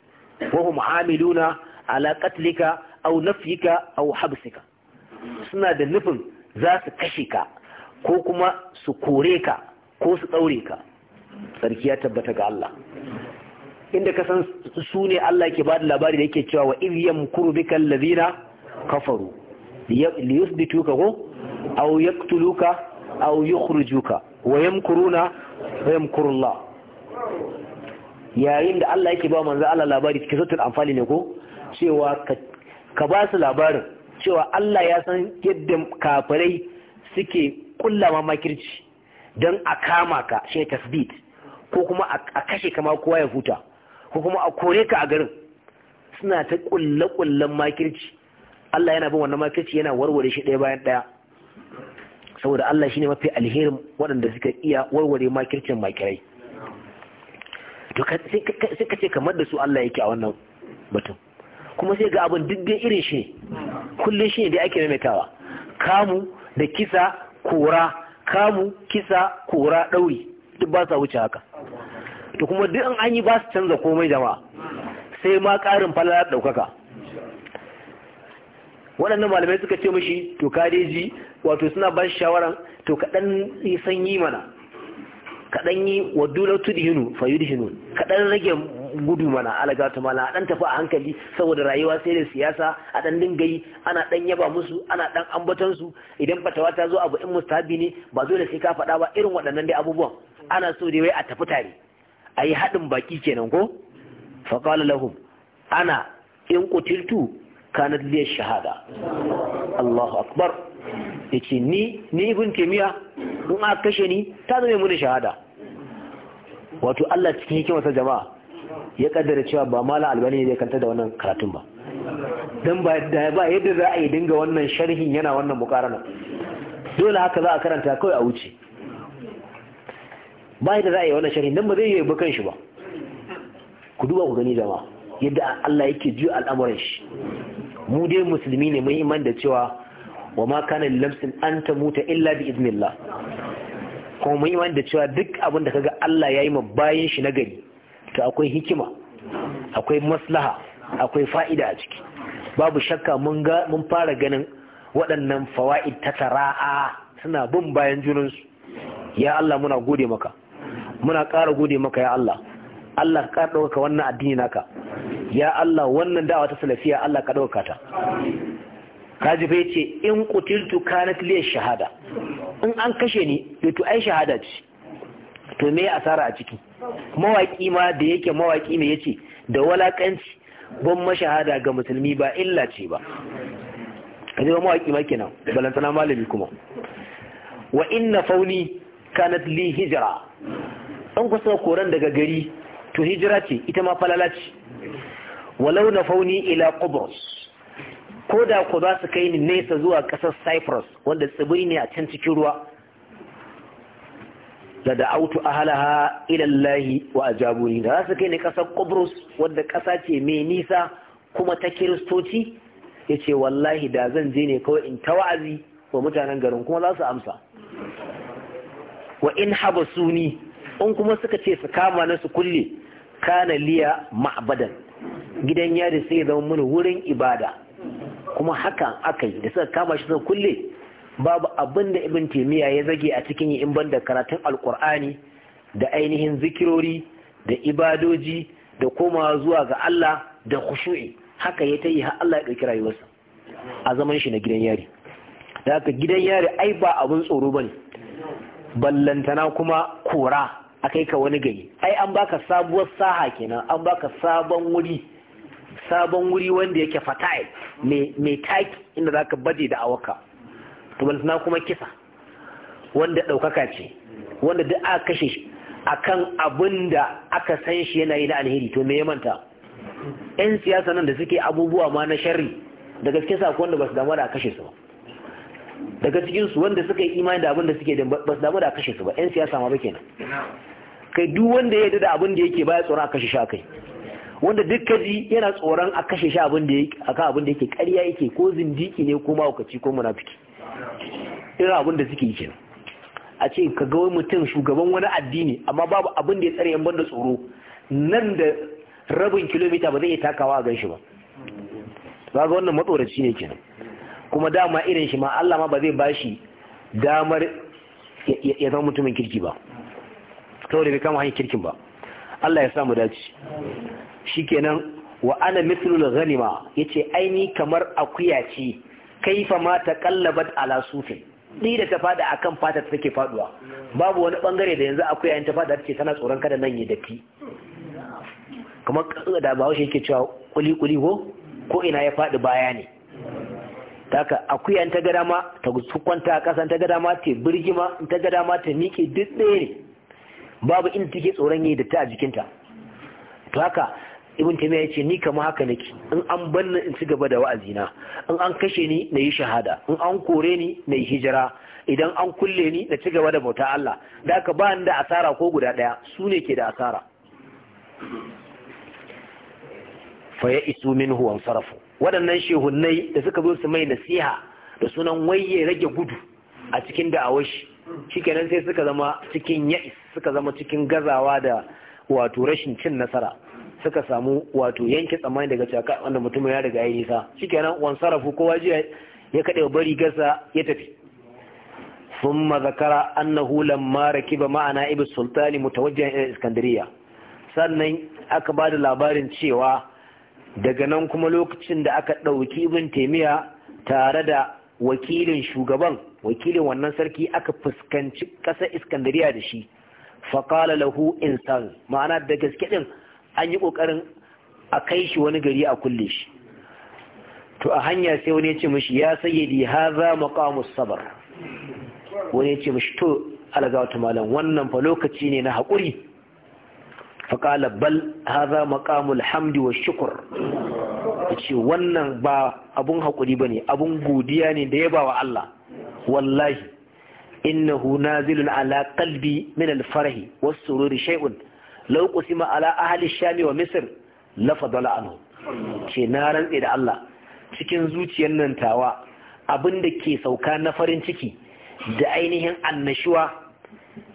wahum hamiluna ala qatlika aw nafyika aw habsika suna da nufin za su kashe ka ko kuma su kore ka ko su daure ka sarki ya tabbata ga Allah inda ka san su ne Allah ke bada labari da yake cewa wa idh yamkuru bika allazina kafaru li yusbituka ko aw yaqtuluka aw yukhrijuka wa yamkuruna wa yamkurullah yayin da Allah yake ba manzo Allah labari cikin sautin amfani ne ko cewa ka ba su labarin cewa Allah ya san yadda kafirai suke kulla makirci don a kama ka shi tasbit ko kuma a kashe kama kowa ya huta ko kuma a kore ka a garin suna ta kulle-kullen makirci Allah yana bin wannan makirci yana warware shi ɗaya bayan ɗaya saboda Allah shine mafi alherin waɗanda suka iya warware makircin makirai to sai ka ce kamar da su Allah yake a wannan batun kuma sai ga abin duk dai irin shi kullum shi ne da ake maimaitawa kamu da kisa kora kamu kisa kora ɗauri duk ba sa wuce haka to kuma duk an an yi ba su canza komai jama'a sai ma ƙarin falala ɗaukaka waɗannan malamai suka ce mashi to ka ji wato suna ba shi shawaran to kaɗan sanyi mana kaɗan yi wa dole tudihinu fa yudhinu kaɗan rage gudu mana alaga ta mala dan tafi a hankali saboda rayuwa sai da siyasa a dan dinga yi ana ɗan yaba musu ana dan ambaton su idan fatawa ta zo abu in mustabi ne ba dole sai ka faɗa ba irin waɗannan dai abubuwan ana so dai wai a tafi tare a yi haɗin baki kenan ko fa qala lahum ana in qutiltu kanat li shahada Allahu akbar yace ni ni ibn taymiya in aka kashe ni ta zama mun shahada wato Allah cikin sa jama'a ya kaddara cewa ba mala albani ne zai kanta da wannan karatun ba dan ba da ba yadda za a yi dinga wannan sharhin yana wannan mukarana dole haka za a karanta kawai a wuce ba yadda za a yi wannan sharhin dan ba zai yi bakan shi ba ku duba ku gani jama'a yadda Allah yake juya al'amuran shi mu dai musulmi ne mun iman da cewa wa ma kana lamsin an ta muta illa bi iznillah kuma mun imani da cewa duk abin da kaga Allah ya yi ma bayan shi na gari to akwai hikima akwai maslaha akwai fa'ida a ciki babu shakka mun ga mun fara ganin waɗannan fawaid ta tara'a suna bin bayan junansu ya Allah muna gode maka muna ƙara gode maka ya Allah Allah ka ɗauka wannan addini naka ya Allah wannan da'awa ta salafiya Allah ka ɗauka ta kaji fa ce in tu kanat liya shahada in an kashe ni eh to ai shahada ce to me asara a ciki mawaki ma da yake mawaki ne yace da walakanci ban mashahada ga musulmi ba illa ce ba kaji ba mawaki ma kenan balantana malami kuma wa inna fauni kanat li hijra an kusa koran daga gari to hijira ce ita ma falala ce walau na fauni ila qubus ko da ku za su kai ni nesa zuwa ƙasar cyprus wanda tsibiri ne a can cikin ruwa da da'autu ahalaha ilallahi wa ajabuni da za su kai ni ƙasar kubrus wadda ƙasa ce mai nisa kuma ta kiristoci ya ce wallahi da zan je ne kawai in ta wa'azi wa mutanen garin kuma za su amsa wa in haba suni in kuma suka ce su kama na su kulle kana liya ma'abadan gidan yari sai zama mini wurin ibada kuma haka aka yi da suka kama shi suka kulle babu abin da ibn taimiyya ya zage a cikin yi in banda karatun alkur'ani da ainihin zikirori da ibadoji da komawa zuwa ga Allah da khushu'i haka ya ta yi har Allah ya ɗauki rayuwarsa a zaman shi na gidan yari da haka gidan yari ai ba abin tsoro ba ne. ballantana kuma kora a kai ka wani gari ai an baka sabuwar saha kenan an baka sabon wuri sabon wuri wanda yake fatai mai taki inda zaka baje da awaka to balantana kuma kisa wanda ɗaukaka ce wanda duk aka kashe shi akan abin da aka san shi yana yi na alheri to me ya manta yan siyasa nan da suke abubuwa ma na sharri da gaske sako wanda ba su damu da kashe su ba daga cikin su wanda suka yi imani da abin da suke ba su damu da kashe su ba yan siyasa ma ba kenan kai duk wanda ya yarda da abin da yake baya tsoron a kashe shi akai wanda duk kaji yana tsoron a kashe shi abin da yake akan abin da yake ƙarya yake ko zindiki ne ko mawukaci ko munafiki irin abin da suke yi a ce ka ga wani mutum shugaban wani addini amma babu abin da ya tsare yan banda tsoro nan da rabin kilomita ba zai iya takawa a ganshi ba ba ga wannan matsoraci ne kenan kuma dama irin shi ma Allah ma ba zai bashi damar ya zama mutumin kirki ba saboda bai kama hanyar kirkin ba Allah ya samu dace shikenan wa ana mithlul ghanima yace aini kamar akuya ce kaifa ma taqallabat ala sufi ni da ta fada akan fata ta take faduwa babu wani bangare da yanzu akuya in ta fada take tana tsoron kada nan ya dafi kamar da bahaushe yake cewa kuli kuli ko ko ina ya fadi baya ne taka akuya in ta gada ma ta kwanta a ta gada ma ta birgima in ta gada ma ta miƙe duk ɗaya ne babu in take tsoron yi da ta a jikinta to haka ibn ya ce, ni kama haka nake in an banna in ci gaba da wa'azina in an kashe ni na yi shahada in an kore ni na yi hijira idan an kulle ni na ci gaba da bauta Allah da haka ba da asara ko guda daya su ne ke da asara fa ya isu minhu huwan sarafu waɗannan shehunnai da suka zo su mai nasiha da sunan waye rage gudu a cikin da'awar shi shikenan sai suka zama cikin ya'is suka zama cikin gazawa da wato rashin cin nasara suka samu wato yanke tsammani daga caka wanda mutum ya riga ya nisa shikenan wan sarafu kowa jiya ya kade bari gasa ya tafi ثم ذكر أنه لما ma'ana ma'ana نائب السلطان mutawajjihan ila iskandariya sannan aka bada labarin cewa daga nan kuma lokacin da aka ɗauki ibn temiya tare da wakilin shugaban wakilin wannan sarki aka fuskanci ƙasar iskandariya da shi faƙala lahu insan ma'ana da gaske ɗin an yi ƙoƙarin a kai shi wani gari a kulle shi to a hanya sai wani ya ce mashi ya sayyadi ha za maƙamus sabar wani ya ce mashi to alaga wata malam wannan fa lokaci ne na haƙuri faƙala bal haza maƙamul hamdi wa shukur ce wannan ba abun haƙuri bane. abun godiya ne da ya wa Allah wallahi innahu nazilun ala qalbi min alfarahi was sururi shay'un law qusima ala ahli shami wa misir la fadala anhu ce na rantse da Allah cikin zuciyar nan tawa abinda ke sauka na farin ciki da ainihin annashuwa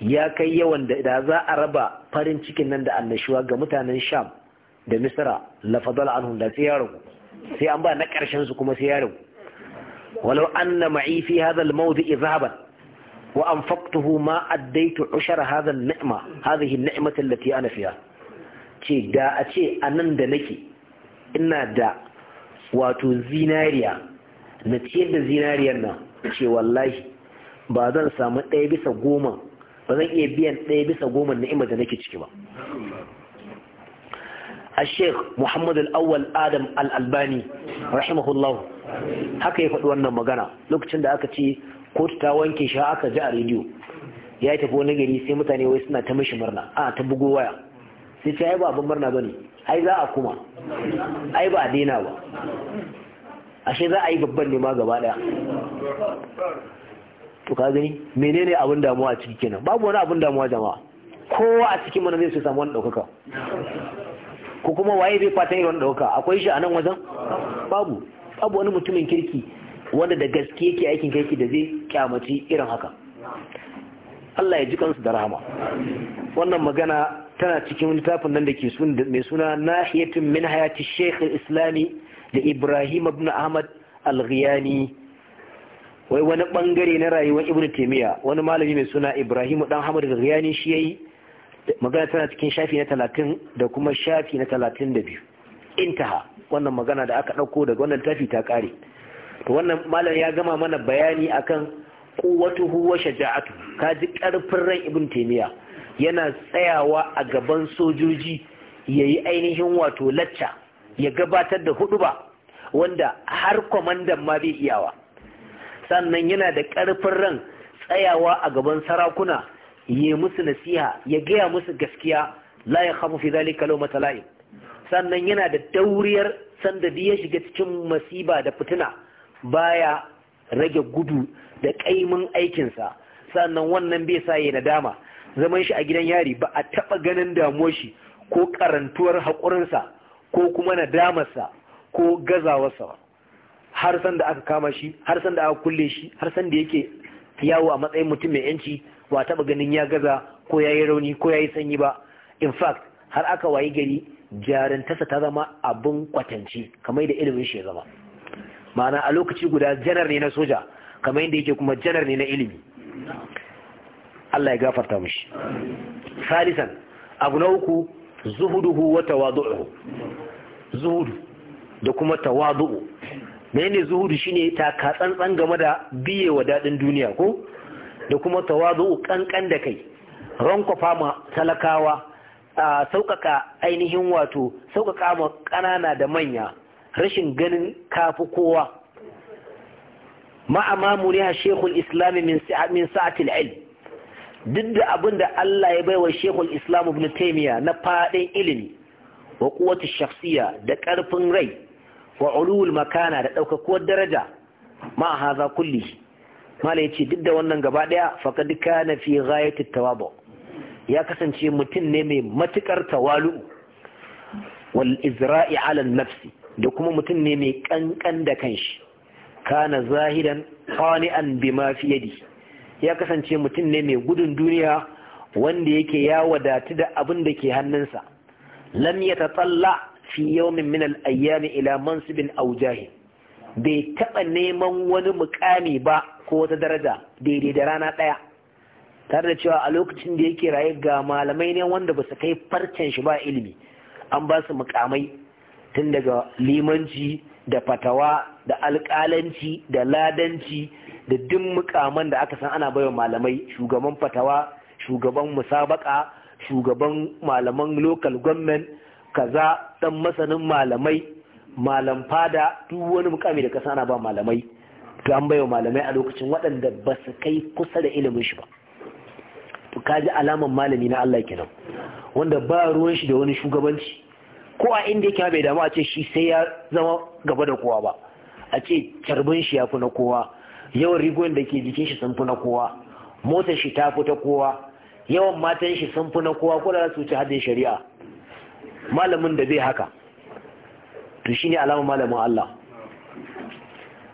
ya kai yawan da za a raba farin cikin nan da annashuwa ga mutanen sham da misra la fadala anhu da sai ya sai an ba na karshen su kuma sai ya ragu walau anna ma'i fi hadha al-mawdi'i zahaban وأنفقته ما أديت عشر هذا النعمة هذه النعمة التي أنا فيها ce da ace ce a nan da nake ina da wato zinariya na ciyar da zinariyar nan ce wallahi ba zan samu ɗaya bisa goma ba zan iya biyan ɗaya bisa goma ni'imar da nake ciki ba a shek muhammad al'awwal adam al'albani rahimahullahu haka ya faɗi wannan magana lokacin da aka ce kotu ta wanke shi aka ji a rediyo ya tafi wani gari sai mutane wai suna ta mishi murna a ta bugo waya sai ce ai ba abin murna bane ai za a kuma ai ba a daina ba ashe za a yi babban nema gaba daya to ka gani menene abin damuwa a ciki kenan babu wani abin damuwa jama'a kowa a cikin mana zai so samu wani ɗaukaka ko kuma waye zai fatan irin ɗaukaka akwai shi a nan wajen babu babu wani mutumin kirki wanda da gaske yake aikin kai da zai kyamaci irin haka Allah ya ji kansu da rahama wannan magana tana cikin littafin nan da ke mai suna nahiyatun min hayati sheikh islami da ibrahim ibn ahmad al-ghiyani wai wani bangare na rayuwar ibn taimiyya wani malami mai suna ibrahim dan hamad al-ghiyani shi yayi magana tana cikin shafi na talatin da kuma shafi na talatin da biyu intaha wannan magana da aka ɗauko daga wannan littafi ta kare to wannan malam ya gama mana bayani akan quwwatuhu wa shaja'atu kaji karfin ran ibn taymiya yana tsayawa a gaban sojoji yayi ainihin wato lacca ya gabatar da huɗuba, wanda har kwamandan ma bai iyawa sannan yana da karfin ran tsayawa a gaban sarakuna ya musu nasiha ya gaya musu gaskiya la ya khafu fi zalika lawmata la'im sannan yana da dauriyar sanda ya shiga cikin masiba da fitina baya rage gudu da kaimin aikinsa sannan wannan bai sa ya nadama zaman shi a gidan yari ba a taɓa ganin damuwar shi ko karantuwar haƙurinsa ko kuma nadamarsa ko gazawarsa har san da aka kama shi har san da aka kulle shi har san da yake yawo a matsayin mutum mai yanci ba taba ganin ya gaza ko ya yi rauni ko ya yi sanyi ba in fact har aka wayi gari jarintarsa ta zama abin kwatance kamar da ilimin shi ya zama ma'ana a lokaci guda janar ne na soja kamar yadda yake kuma janar ne na ilimi Allah ya gafarta mishi salisan abu na uku zuhuduhu wa tawadu'u zuhudu da kuma tawadu'u menene zuhudu shine ta tsantsan game da biye wa dadin duniya ko da kuma tawadu'u kankan da kai Ranko ma talakawa a sauƙaƙa ainihin wato sauƙaƙa ma ƙanana da manya rashin ganin kafi kowa ma'ama muriha shekul islami min sa'atil ilm duk da abin da Allah ya baiwa shekul islamu ibn taimiyya na faɗin ilimi wa kuwatu shafsiya da ƙarfin rai wa ulul makana da ɗaukakuwar daraja ma haza kulli mala ya ce duk da wannan gaba ɗaya faka duka na fi ghayatit tawadu ya kasance mutum ne mai matukar tawalu wal izra'i ala nafsi da kuma mutum ne mai kankan da kanshi kana zahidan kwani'an bima mafi yadi ya kasance mutum ne mai gudun duniya wanda yake ya wadatu da abin da ke hannunsa lam yatatalla fi yau min al-ayyam ila su bin aujahi. bai taɓa neman wani mukami ba ko wata daraja daidai da rana ɗaya. tare da cewa a lokacin da yake raye ga malamai ne wanda ba su kai farcen shi ba ilimi an ba su mukamai tun daga limanci da fatawa da alƙalanci da ladanci da duk mukaman da aka san ana baiwa malamai shugaban fatawa shugaban musabaka shugaban malaman local government kaza dan masanin malamai malam fada duk wani mukami da kasa ana ba malamai to an baiwa malamai a lokacin waɗanda ba su kai kusa da ilimin shi ba to kaji alaman malami na Allah kenan wanda ba ruwan shi da wani shugabanci ko a inda yake bai damu a ce shi sai ya zama gaba da kowa ba a ce carbin shi ya fi na kowa yawan rigon da ke jikin shi sun fi na kowa motar shi ta fi ta kowa yawan matan shi sun fi na kowa ko da za su ci haddin shari'a malamin da bai haka to shi ne alamar malamin Allah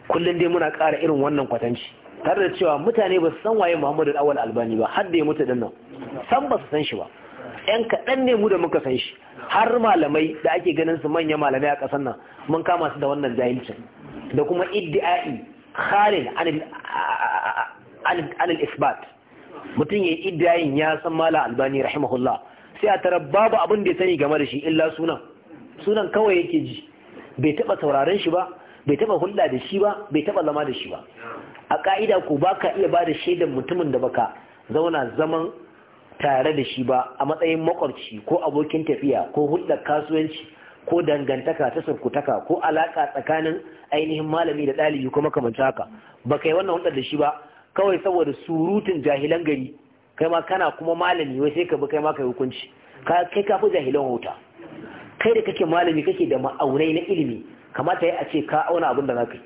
kullum dai muna kara irin wannan kwatanci tare da cewa mutane ba su san waye Muhammadu Awal Albani ba har da ya mutu dinnan san ba su san shi ba 'yan kaɗan ne mu da muka san shi har malamai da ake ganin su manyan malamai a ƙasar nan mun kama su da wannan jahilcin da kuma iddi'ai khalil anil isbat mutum ya iddiyayin ya san mala albani rahimahullah sai a tara babu abin da ya sani game da shi illa sunan sunan kawai yake ji bai taɓa sauraron shi ba bai taɓa hulɗa da shi ba bai taɓa zama da shi ba a ka'ida ko ba ka iya ba da shaidan mutumin da baka zauna zaman tare da shi ba a matsayin makwabci ko abokin tafiya ko hulɗar kasuwanci ko dangantaka ta surkutaka ko alaƙa tsakanin ainihin malami da ɗalibi kuma makamanta haka ba kai wannan hulɗar da shi ba kawai saboda surutun jahilan gari kai ma kana kuma malami wai sai ka bi kai ma kai hukunci kai ka fi jahilan wuta kai da kake malami kake da ma'aunai na ilimi kamata ya a ce ka auna abin da za ka yi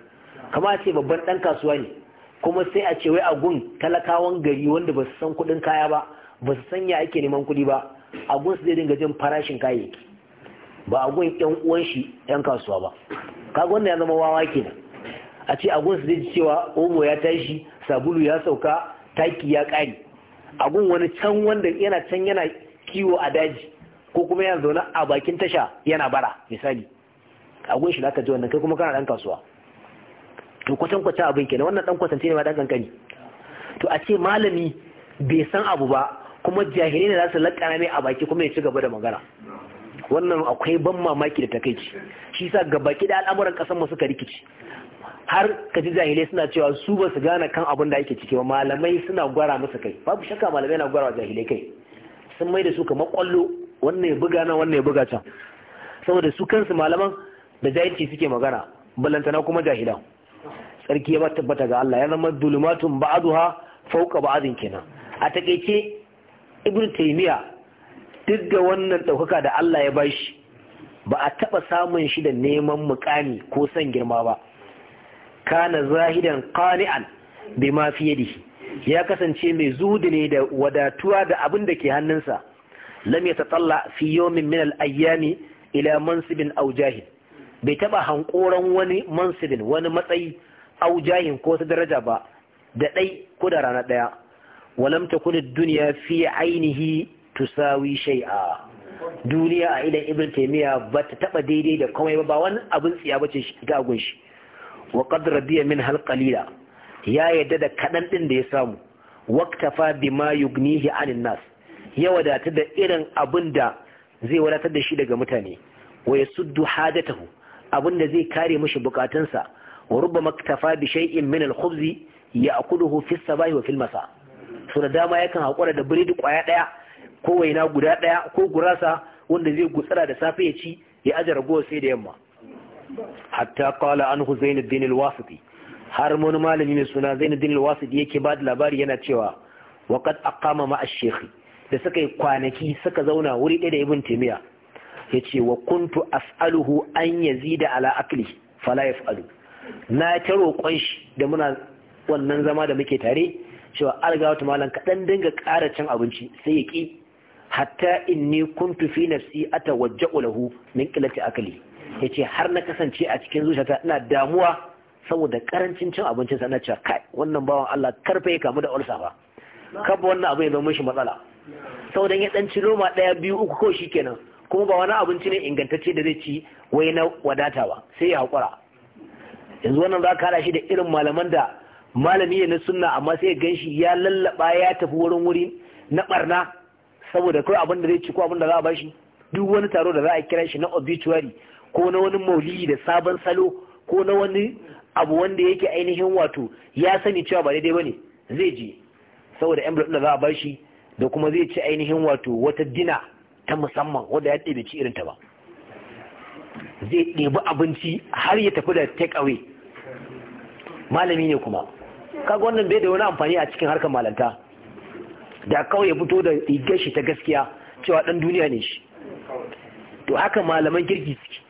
kamata ce babban ɗan kasuwa ne kuma sai a ce wai a gun talakawan gari wanda ba su san kuɗin kaya ba ba su sanya ake neman kuɗi ba a gun su zai dinga jin farashin kayayyaki ba a gun yan uwan shi yan kasuwa ba kaga wannan ya zama wawa kenan a ce a gun su zai ji cewa omo ya tashi sabulu ya sauka taki ya ƙari a gun wani can wanda yana can yana kiwo a daji ko kuma yana zaune a bakin tasha yana bara misali a gun shi da aka ji wannan kai kuma kana dan kasuwa to kwatan kwata abin kenan wannan dan kwatance ne ma dan kankani to a ce malami bai san abu ba kuma jahilai ne za su lakana mai a baki kuma ya ci gaba da magana wannan akwai ban mamaki da takaici shi sa ga baki da al'amuran kasan mu suka rikici har ka ji jahilai suna cewa su ba su gane kan abin da ake ciki ba malamai suna gwara musu kai babu shakka malamai na gwara jahilai kai sun mai da su kamar kwallo wannan ya buga nan wannan ya buga can saboda su kansu malaman da jahilci suke magana balantana kuma jahilan sarki ya tabbata ga Allah ya zama dulumatun ba'aduha fauka ba'adin kenan a takeice ibn taymiya duk da wannan ɗaukaka da Allah ya bashi ba a taɓa samun shi da neman mukami ko son girma ba kana zahidan qani'an bima fi yadihi ya kasance mai zuhudi ne da wadatuwa da abin da ke hannunsa lam yatatalla fi yawmin min al-ayyami ila mansibin aw jahil bai taɓa hankoran wani mansibin wani matsayi aw jahil ko ta daraja ba da ɗai ko da rana ɗaya ولم تكن الدنيا في عينه ainihi tusawi دنيا duniya a idan ibn taymiya ta daidai da komai ba wani abin tsiya bace shi ga gunshi wa qad radiya min hal qalila ya yadda da kadan din da ya samu waqtafa bima yugnihi anin nas ya wadata da irin abin da zai wadatar da shi daga mutane wa yasuddu hajatahu abin da zai kare mishi bukatunsa wa rubbama maktafa bi shay'in min al-khubzi ya'kuluhu fi as-sabahi wa al masa to da dama yakan haƙura da biredi ƙwaya ɗaya ko waina guda ɗaya ko gurasa wanda zai gutsara da safe ya ci ya aje ragowa sai da yamma hatta qala an Zainuddin al-Wasiti har wani malami mai suna Zainuddin al-Wasiti yake ba da labari yana cewa wa qad aqama ma ash da suka yi kwanaki suka zauna wuri ɗaya da Ibn ya ce wa kuntu as'aluhu an yazida ala akli fala yaf'alu na ta roƙon shi da muna wannan zama da muke tare cewa alga wata malam kaɗan dinga ƙara cin abinci sai ya ƙi hatta inni kuntu fi nafsi atawajja'u lahu min qillati akli yace har na kasance a cikin zuciyata ina damuwa saboda karancin cin abincin sa na cewa kai wannan bawan Allah karfe ya kamu da ulsa ba kabba wannan abu ya zama mishi matsala saboda ya dan ci roma daya biyu uku ko shikenan kuma ba wani abinci ne ingantacce da zai ci wai na wadata ba sai ya hakura yanzu wannan za ka shi da irin malaman da malami ne na sunna amma sai ya ganshi ya lallaba ya tafi wurin wuri na barna saboda kawai abin da zai ci ko abin da za a bashi duk wani taro da za a kira shi na obituary ko na wani maulidi da sabon salo ko na wani abu wanda yake ainihin wato ya sani cewa ba daidai bane zai je saboda envelope da za a bashi da kuma zai ci ainihin wato wata dina ta musamman wanda ya ɗebe ci irinta ba zai ɗebi abinci har ya tafi da take away malami ne kuma kaga wannan bai da wani amfani a cikin harkar malanta da kawai ya fito da rigar shi ta gaskiya cewa dan duniya ne shi to haka malaman kirki suke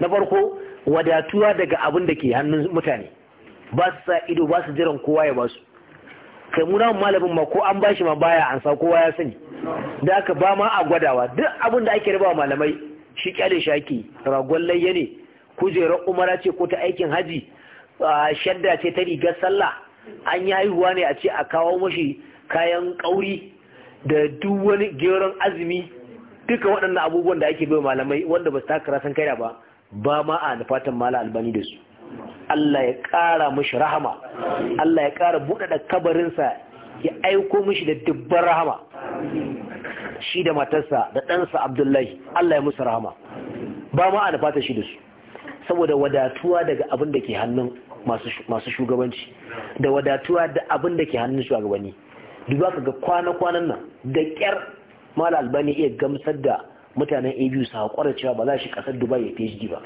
na farko wadatuwa daga abin da ke hannun mutane ba su sa ido ba su jiran kowa ya ba su kai muna malamin ma ko an bashi ma baya an sa kowa ya sani da haka ba ma a gwadawa duk abin da ake rabawa malamai shi kyale shi ake ragon layya ne kujerar umara ce ko ta aikin haji shadda ce ta rigar sallah an yi haihuwa ne a ce a kawo mashi kayan ƙauri da duk wani geron azumi duka waɗannan abubuwan da ake bai malamai wanda ba su taka san kai ba ba ma a da fatan mala albani da su Allah ya ƙara mashi rahama Allah ya ƙara buɗaɗa kabarinsa ya aiko mashi da dubban rahama shi da matarsa da ɗansa abdullahi Allah ya musu rahama ba ma a da fatan shi da su saboda wadatuwa daga abin da ke hannun masu shugabanci da wadatuwa da abin da ke hannun shugabanni duba ka ga kwana-kwanan nan da kyar mala albani iya gamsar da mutanen abu su haƙura cewa ba za shi ƙasar dubai ya phd ba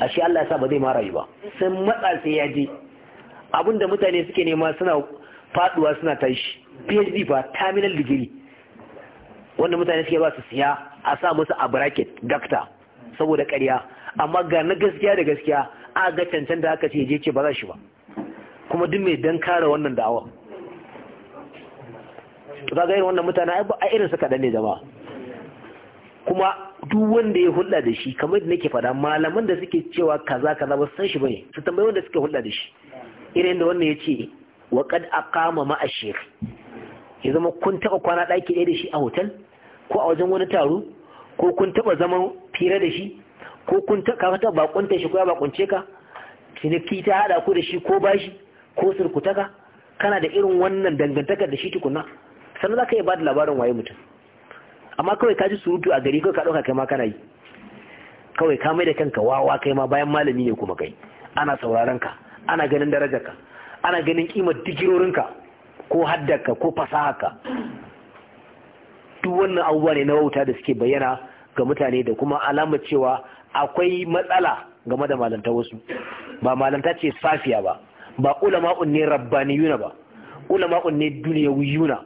a shi allah ya sa ba zai mara yi ba sun matsa sai ya je abin da mutane suke nema suna faduwa suna tashi phd ba terminal degree wanda mutane suke ba su siya a sa musu a bracket doctor saboda karya. amma ga na gaskiya da gaskiya a ga cancan da aka ce je ce ba za shi ba kuma duk mai dan kare wannan da'awa za ga irin wannan mutane a irin suka dan ne jama'a kuma duk wanda ya hulɗa da shi kamar da nake faɗa malaman da suke cewa kaza kaza ba san shi bane su tambayi wanda suke hulɗa da shi irin da wannan ya ce wa kad aqama ma ashir ya zama kun taba kwana ɗaki ɗaya da shi a hotel ko a wajen wani taro ko kun taba zaman fira da shi ko kun ta kafata bakunta shi ko ya bakunce ka ciniki ta hada ku da shi ko bashi ko surkutaka kana da irin wannan dangantakar da shi tukuna sannan za ka iya ba da labarin waye mutum amma kawai ka ji surutu a gari kawai ka ɗauka kai ma kana yi kawai ka mai da kanka wawa kai ma bayan malami ne kuma kai ana sauraron ka ana ganin darajarka ana ganin kimar digirorinka ko haddarka ko fasaha duk wannan abubuwa ne na wauta da suke bayyana ga mutane da kuma alamar cewa akwai matsala game da malanta wasu ba malanta ce safiya ba ba ulama'un ne rabbaniyuna ba ulama'un ne duniyawiyuna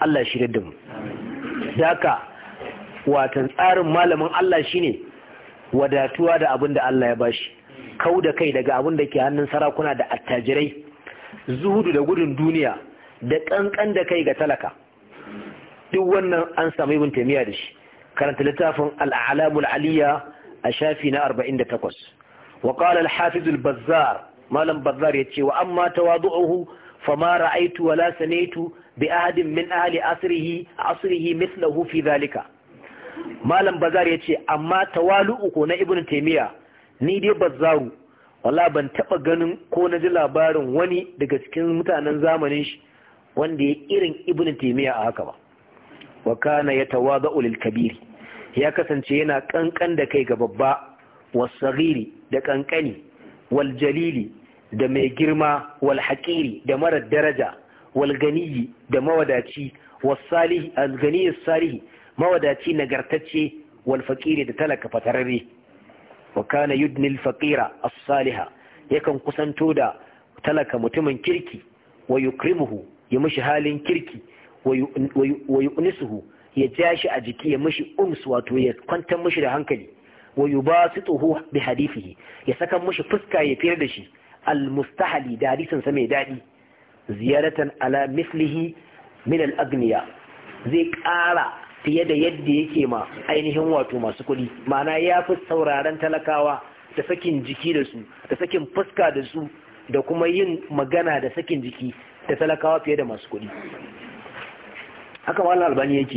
Allah shi da mu daka watan tsarin malamin Allah shine wadatuwa da abin da Allah ya bashi kau da kai daga abin da ke hannun sarakuna da attajirai zuhudu da gudun duniya da kankan da kai ga talaka duk wannan an samu ibn taymiya da shi karanta littafin al'alamul aliyya a shafi na 48 wa qala al-hafiz al-bazzar ya ce wa amma tawadu'uhu fama ra'aytu wa la sami'tu bi ahadin min ahli asrihi asrihi mithluhu fi dhalika malam ya ce amma tawalu'u ko na ibnu taymiya ni dai bazzaru wala ban taɓa ganin ko na ji labarin wani daga cikin mutanen zamanin shi wanda ya irin ibnu taymiya a haka ba wa kana yatawada'u ulil kabiri ya kasance yana kankan da kai ga babba wasagiri da kankani wal jalili da mai girma wal da mara daraja wal ganiyi da mawadaci wasalihi al ganiyi salihi mawadaci nagartacce wal faqiri da talaka fatararre wa kana yudni al faqira as saliha yakan kusanto da talaka mutumin kirki wa yukrimuhu ya mishi halin kirki wa yu'nisuhu ya ja shi a jiki ya mishi ums wato ya kwantar mishi da hankali wa tsoho bi hadithihi ya saka mishi fuska ya fiyar da shi al mustahali da hadisin sa mai dadi ziyaratan ala mislihi min al agniya zai ƙara fiye da yadda yake ma ainihin wato masu kuɗi ma'ana ya fi sauraron talakawa da sakin jiki da su da sakin fuska da su da kuma yin magana da sakin jiki da talakawa fiye da masu kuɗi haka malam albani yake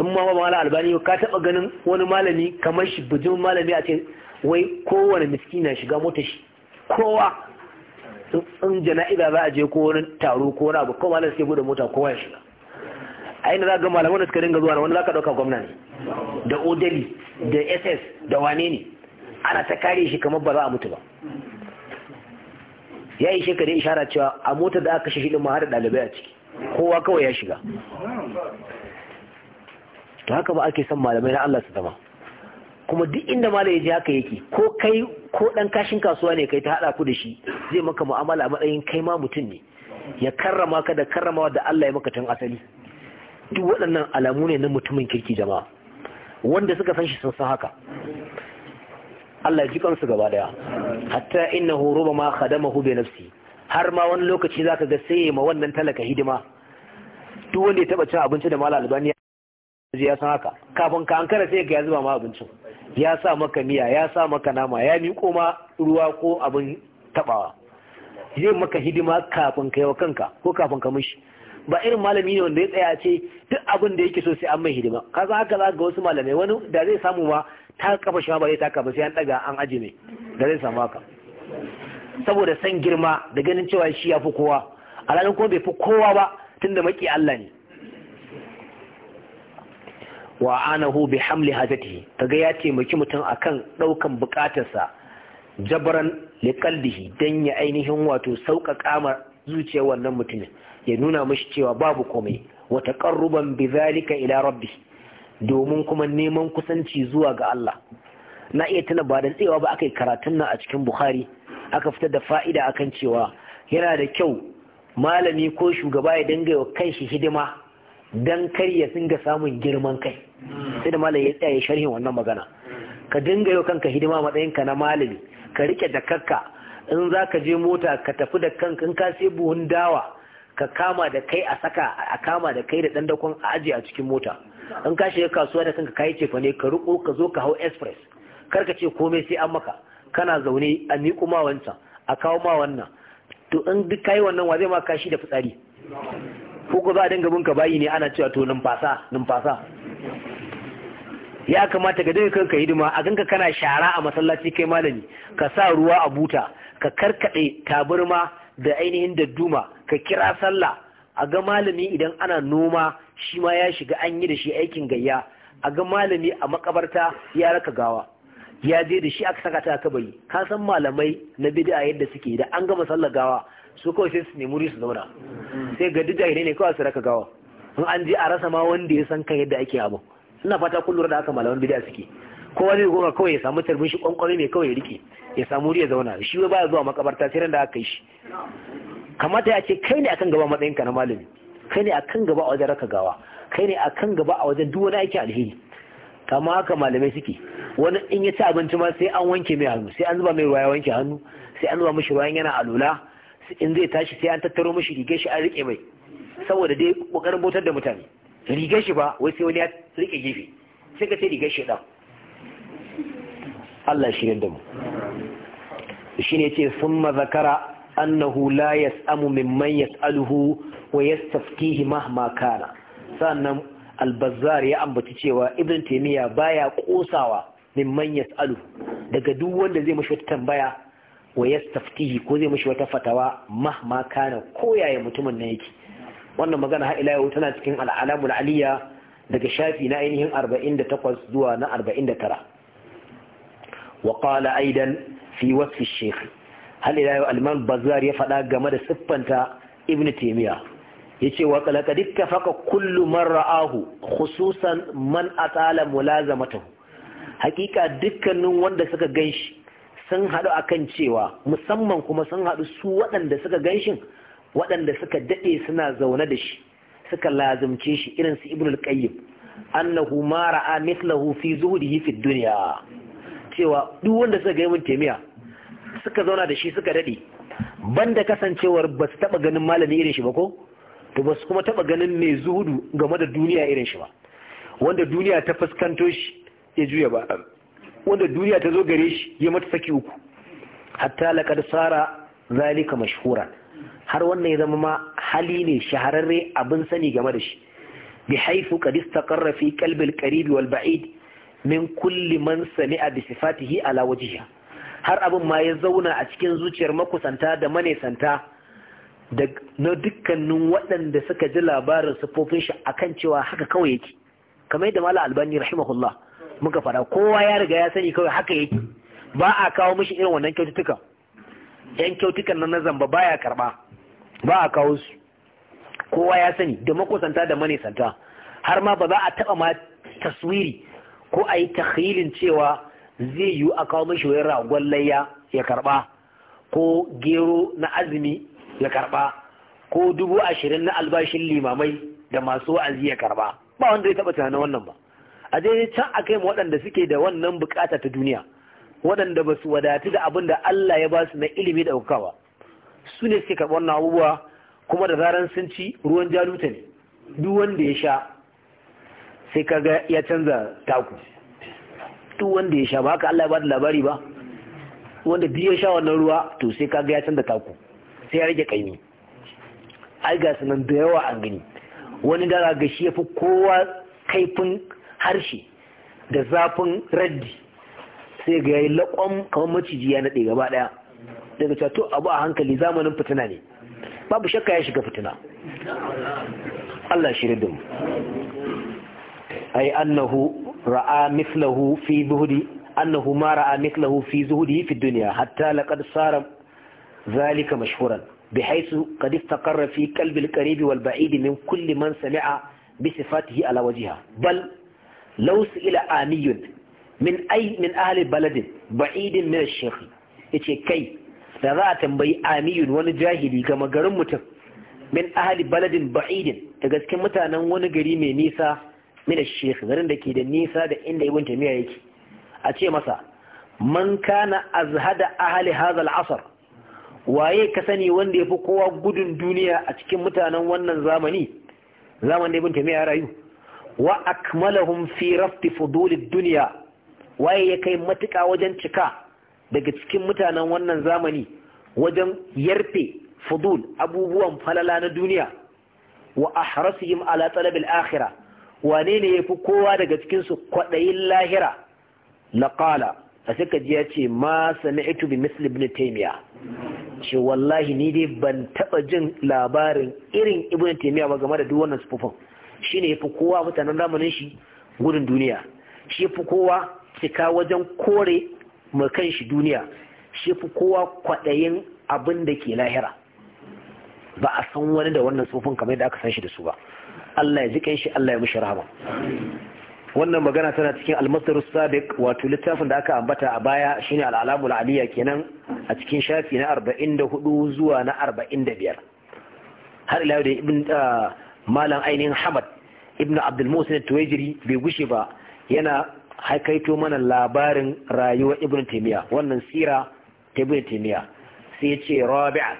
in ma ba malam albani ka taba ganin wani malami kamar shi bujin malami a ce wai kowane miskina shiga mota shi kowa in jana'iza za a je ko wani taro ko wani abu ko malam sai bude mota kowa ya shiga a yana za ga malamai da suka dinga zuwa wani za ka ɗauka gwamna ne da odali da ss da wane ne ana ta kare shi kamar ba za a mutu ba ya yi shekaru ishara cewa a mota da aka shi hidin ma har da ɗalibai a ciki kowa kawai ya shiga ta haka ba ake son malamai na Allah su zama kuma duk inda malam ya ji haka yake ko kai ko dan kashin kasuwa ne kai ta hada ku da shi zai maka mu'amala a matsayin kai ma mutum ne ya karrama ka da karramawa da Allah ya maka tun asali duk waɗannan alamu ne na mutumin kirki jama'a wanda suka san shi sun san haka Allah ya ji kansu gaba daya hatta innahu rubama khadamahu bi nafsi har ma wani lokaci zaka ga sai ma wannan talaka hidima duk wanda ya taba cin abinci da mala albani ya san haka kafin ka ankara sai ga ya zuba ma abincin ya sa maka miya ya sa maka nama ya mi ma ruwa ko abin tabawa zai maka hidima kafin ka wa kanka ko kafin ka mishi ba irin malami ne wanda ya tsaya ce duk abin da yake so sai an mai hidima ka za haka za ga wasu malamai wani da zai samu ma ta kafa shi ma ba zai taka ba sai an daga an ajiye ne da zai samu haka saboda san girma da ganin cewa shi ya fi kowa alhalin kuma bai fi kowa ba tunda maki Allah ne wa anahu bi hamli hajati kaga ya taimaki mutum akan ɗaukan bukatarsa jabaran likalbihi don dan ya ainihin wato sauƙaƙa ma zuciyar wannan mutumin ya nuna mashi cewa babu komai wa taqarruban bi zalika ila rabbi domin kuma neman kusanci zuwa ga Allah na iya tuna ba dan tsewa ba akai karatun nan a cikin Bukhari aka fitar da fa'ida akan cewa yana da kyau malami ko shugaba ya dinga wa kanshi hidima dan kar ya dinga samun girman kai sai da malami ya tsaya ya sharhin wannan magana ka dinga yau kanka hidima matsayin ka na malami ka rike da kakka in za ka je mota ka tafi da kanka in ka sai buhun dawa ka kama da kai a saka a kama da kai da dan dakon a a cikin mota in ka shiga kasuwa da kanka kai cefa ne ka riko ka zo ka hau express kar ka ce komai sai an maka kana zaune a miƙo ma wancan a kawo ma wannan to in duk kayi wannan wa zai ma kashi da fitsari ko ko za a dinga binka bayi ne ana cewa to numfasa numfasa ya kamata ka dinga kanka hidima a ganka kana shara a masallaci kai malami ka sa ruwa a buta ka karkade taburma da ainihin dadduma ka kira sallah a ga malami idan ana noma shi ma ya shiga an yi da shi aikin gayya a ga malami a makabarta ya raka gawa ya je da shi aka saka ta kabari ka san malamai na bid'a yadda suke da an gama sallar gawa su kawai sai su nemi wuri su zauna sai ga duk ne kawai su raka gawa in an je a rasa ma wanda ya san kan yadda ake abu ina fata kun lura da haka malaman bid'a suke kowa zai goma kawai ya samu tarbin shi kwankwami mai kawai ya rike ya samu wuri ya zauna shi ba baya zuwa makabarta sai ran da aka yi shi kamata ya ce kai ne akan gaba matsayinka na malami kai ne akan gaba a wajen raka gawa kai ne akan gaba a wajen duk wani aiki alheri kama haka malamai suke wani in ya ci abinci ma sai an wanke mai hannu sai an zuba mai ruwa ya wanke hannu sai an zuba mishi ruwan yana alula in zai tashi sai an tattaro mishi rigar shi an rike mai saboda dai kokarin botar da mutane rigar shi ba wai sai wani ya rike gefe sai ka sai rigar shi dan Allah shi da mu shine yace summa zakara annahu la yas'amu mimman yas'aluhu wa yastafkihi mahma kana sannan albazar ya ambaci cewa ibn taimiyya baya kosawa min man yas'alu daga duk wanda zai mashi wata tambaya wa yastaftihi ko zai mashi wata fatawa mahma kana koyaye mutumin na yake wannan magana har ila yau tana cikin al'alamul aliyya daga shafi na ainihin 48 zuwa na 49 wa qala aidan fi wasfi shaykh hal ila yau alman bazar ya faɗa game da siffanta ibn taimiyya Ya ce wa dukka faka kullu man ra'ahu khususan man atala mulazamatahu hakika dukkanin wanda suka ganshi sun a akan cewa musamman kuma sun haɗu su waɗanda suka ganshin waɗanda suka daɗe suna zaune da shi suka lazumce shi irin su ibnul qayyim annahu ma ra'a mithlahu fi zuhdihi fi dunya cewa duk wanda suka ga ibn taymiya suka zauna da shi suka dade banda kasancewar ba su taɓa ganin malami irin shi ba ko to basu kuma taba ganin mai zuhudu game da duniya irin shi ba wanda duniya ta fuskanto shi ya juya ba wanda duniya ta zo gare shi ya mata saki uku hatta laƙar tsara zalika mashhura har wannan ya zama ma hali ne shahararre abin sani game da shi bi haifu qad istaqarra fi qalbi wal ba'id min kulli man sami'a bi sifatihi ala wajhiha har abin ma ya zauna a cikin zuciyar makusanta da manesanta na dukkanin waɗanda suka ji labarin siffofin shi a kan cewa haka kawai yake kamar yadda mala albani rahimahullah muka fara kowa ya riga ya sani kawai haka yake ba a kawo mishi irin wannan kyaututtuka yan kyautukan nan na zamba baya karba ba a kawo su kowa ya sani da makusanta da manisanta har ma ba za a taba ma taswiri ko a yi takhilin cewa zai yiwu a kawo mishi wayar ragon layya ya karba ko gero na azumi ya karba ko dubu ashirin na albashin limamai da masu wa'azi ya karba ba wanda ya taba tunanin wannan ba a je can a kai waɗanda suke da wannan bukata ta duniya waɗanda ba su wadatu da abin da Allah ya ba su na ilimi da ɗaukawa su ne suke karɓar wannan abubuwa kuma da zaran sun ci ruwan jaluta ne duk wanda ya sha sai kaga ya canza taku duk wanda ya sha ba haka Allah ya ba da labari ba wanda duk ya sha wannan ruwa to sai kaga ya canza taku sai ya rage kaimi ai ga nan da yawa an gani wani da ga shi yafi kowa kaifin harshe da zafin raddi sai ga yayi laƙon kamar maciji ya naɗe gaba ɗaya daga cewa to abu a hankali zamanin fitina ne babu shakka ya shiga fitina Allah shi ridin ai annahu ra'a mithlahu fi zuhudi annahu ma ra'a mithlahu fi zuhudi fi dunya hatta laqad sara ذلك مشهورا بحيث قد استقر في قلب القريب والبعيد من كل من سمع بصفاته على وجهها بل لو سئل آمي من أي من أهل بلد بعيد من الشيخ yace kai da za a tambayi amiyun wani jahili ga magarin mutum min ahli baladin ba'idin daga gaske mutanen wani gari mai nisa min shekh garin da ke da nisa da inda ibn tamiya yake a ce masa man azhada ahli hadha asar. waye ka sani wanda ya fi kowa gudun duniya a cikin mutanen wannan zamani zaman da ibn taymiya rayu wa akmalahum fi rafti fudulid duniya waye ya kai matuka wajen cika daga cikin mutanen wannan zamani wajen yarfe fudul abubuwan falala na duniya wa ahrasihim ala talabil akhirah wane ne yafi kowa daga cikin su kwadayin lahira laqala a sai ka ji ya ce ma ito bi misli ibn taimiya ce wallahi ni dai ban taba jin labarin irin ibn taimiya ba game da duk wannan sufufin shine yafi kowa mutanen zamanin shi gudun duniya shi yafi kowa cika wajen kore mu kan shi duniya shi yafi kowa kwadayin abin da ke lahira ba a san wani da wannan sufufin kamar yadda aka san shi da su ba Allah ya ji shi Allah ya mishi rahama wannan magana tana cikin almasarus sadiq wato littafin da aka ambata a baya shine al'alamul aliyya kenan a cikin shafi na 44 zuwa na 45 har ila da ibn ah, malam ainihin hamad ibn abdul musin tuwajiri bai gushe ba yana haikaito mana labarin rayuwar ibn taymiya wannan sira ta ibn taymiya sai ya ce rabi'a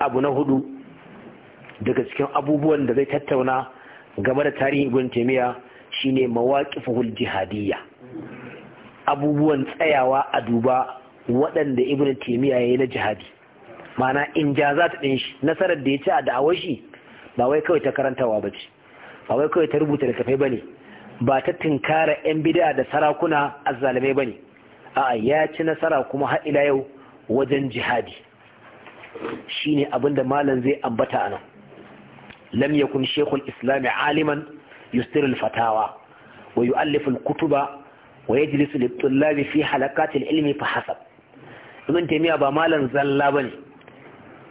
abu na hudu daga cikin abubuwan da zai tattauna game da tarihin ibn taymiya shine mawaqifuhul jihadiyya abubuwan tsayawa a duba waɗanda ibn ya yi na jihadi Mana in ja za ta shi nasarar da ya ci a da'awar shi ba wai kawai ta karantawa ba ce ba wai kawai ta rubuta da ba ne ba ta tunkara 'yan bida da sarakuna azzalamai ba ne a'a ya ci nasara kuma har ila yau wajen jihadi shine abin da malam zai ambata anan lam yakun shekul islami aliman yustirul fatawa wa yu'alliful kutuba wa yajlisu lit-tullabi fi halaqatil ilmi fa hasab ibn taymiya ba malan zalla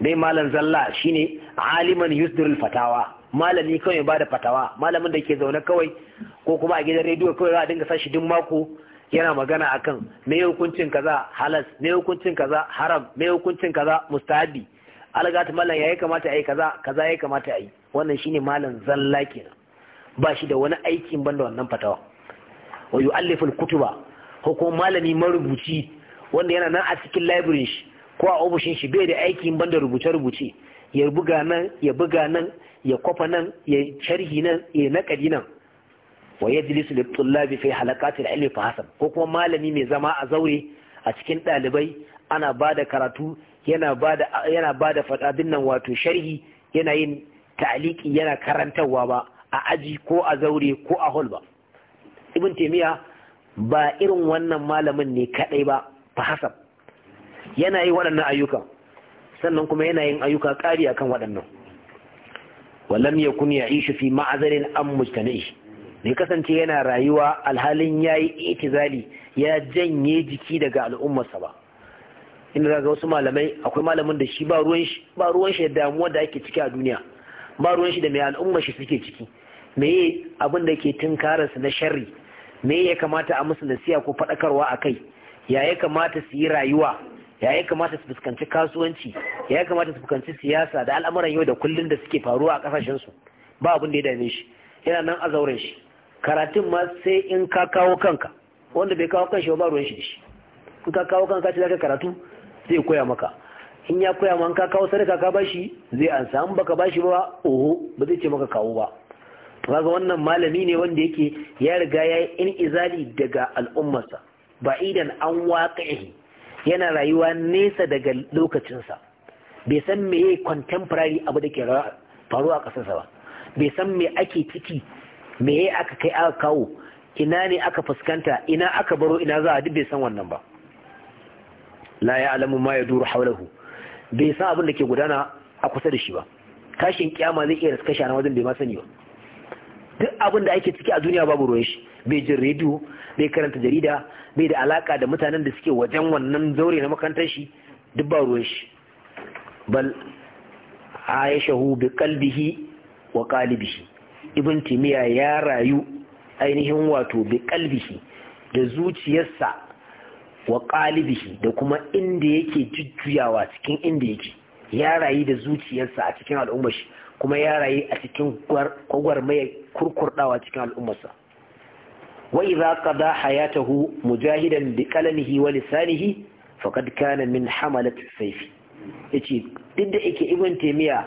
dai malan zalla shine aliman yusdirul fatawa malami kawai ba da fatawa malamin da ke zaune kawai ko kuma a gidan rediyo kawai za a dinga sashi duk mako yana magana akan me hukuncin kaza halas me hukuncin kaza haram me hukuncin kaza mustahabi algat mallan yayi kamata ayi kaza kaza yayi kamata yayi wannan shine malam zalla kenan ba shi da wani aikin banda wannan fatawa wa yu'allifu al-kutuba ko kuma malami marubuci wanda yana nan a cikin library shi ko a ofishin shi bai da aikin banda rubuce rubuce ya buga nan ya buga nan ya kwafa nan ya sharhi nan ya nakadi nan wa yajlisu lit-tullabi fi halaqati al-ilmi fa hasab ko kuma malami mai zama a zaure a cikin ɗalibai ana ba da karatu yana ba da faɗaɗin nan wato sharhi yana yin ta'aliki yana karantarwa ba a aji ko a zaure ko a hol ba ibn taimiyya ba irin wannan malamin ne kadai ba fa hasab yana yi waɗannan ayyuka sannan kuma yana yin ayyuka ƙari akan waɗannan wallam ya ishi fi ma'azarin an mujtani'i mai kasance yana rayuwa alhalin ya yayi itizali ya janye jiki daga al'ummarsa ba inda zaga wasu malamai akwai malamin da shi ba ruwan shi da damuwa da ake ciki a duniya ba ruwan shi da mai al'ummar shi suke ciki me abin da ke tunkararsu na sharri me ya kamata a musu nasiya ko faɗakarwa a kai ya ya kamata su yi rayuwa ya ya kamata su fuskanci kasuwanci ya ya kamata su fuskanci siyasa da al'amuran yau da kullum da suke faruwa a ƙasashen su ba abin da ya dame shi yana nan a zauren shi karatun ma sai in ka kawo kanka wanda bai kawo kanshi ba ruwan shi da shi in ka kawo kanka ce zaka karatu zai koya maka in ya koya ma in ka kawo sadaka ka bashi zai ansa in baka bashi ba oho ba zai ce maka kawo ba kaga wannan malami ne wanda yake ya riga ya yi izali daga al'ummarsa ba idan an waƙa'ihi yana rayuwa nesa daga lokacinsa bai san me ya contemporary abu da ke faruwa a ƙasarsa ba bai san me ake ciki me ya aka kai aka kawo ina ne aka fuskanta ina aka baro ina za a duk bai san wannan ba la ya alamu ma ya duru haulahu bai san abin da ke gudana a kusa da shi ba kashin kyama zai iya raskasha na wajen bai ma sani ba duk abin da ake ciki a duniya babu ruwan shi bai jin rediyo bai karanta jarida bai da alaka da mutanen da suke wajen wannan zaure na makarantar shi duk ba ruwan shi bal aishahu bi qalbihi wa qalibihi ibn timiya ya rayu ainihin wato bi qalbihi da zuciyarsa wa qalibihi da kuma inda yake jujjuyawa cikin inda yake ya rayu da zuciyarsa a cikin al'ummar shi kuma ya rayu a cikin mai kurkurdawa cikin al'ummarsa wa idza qada hayatahu mujahidan bi qalamihi wa lisanihi faqad kana min hamalat sayf yace duk da yake ibn taymiya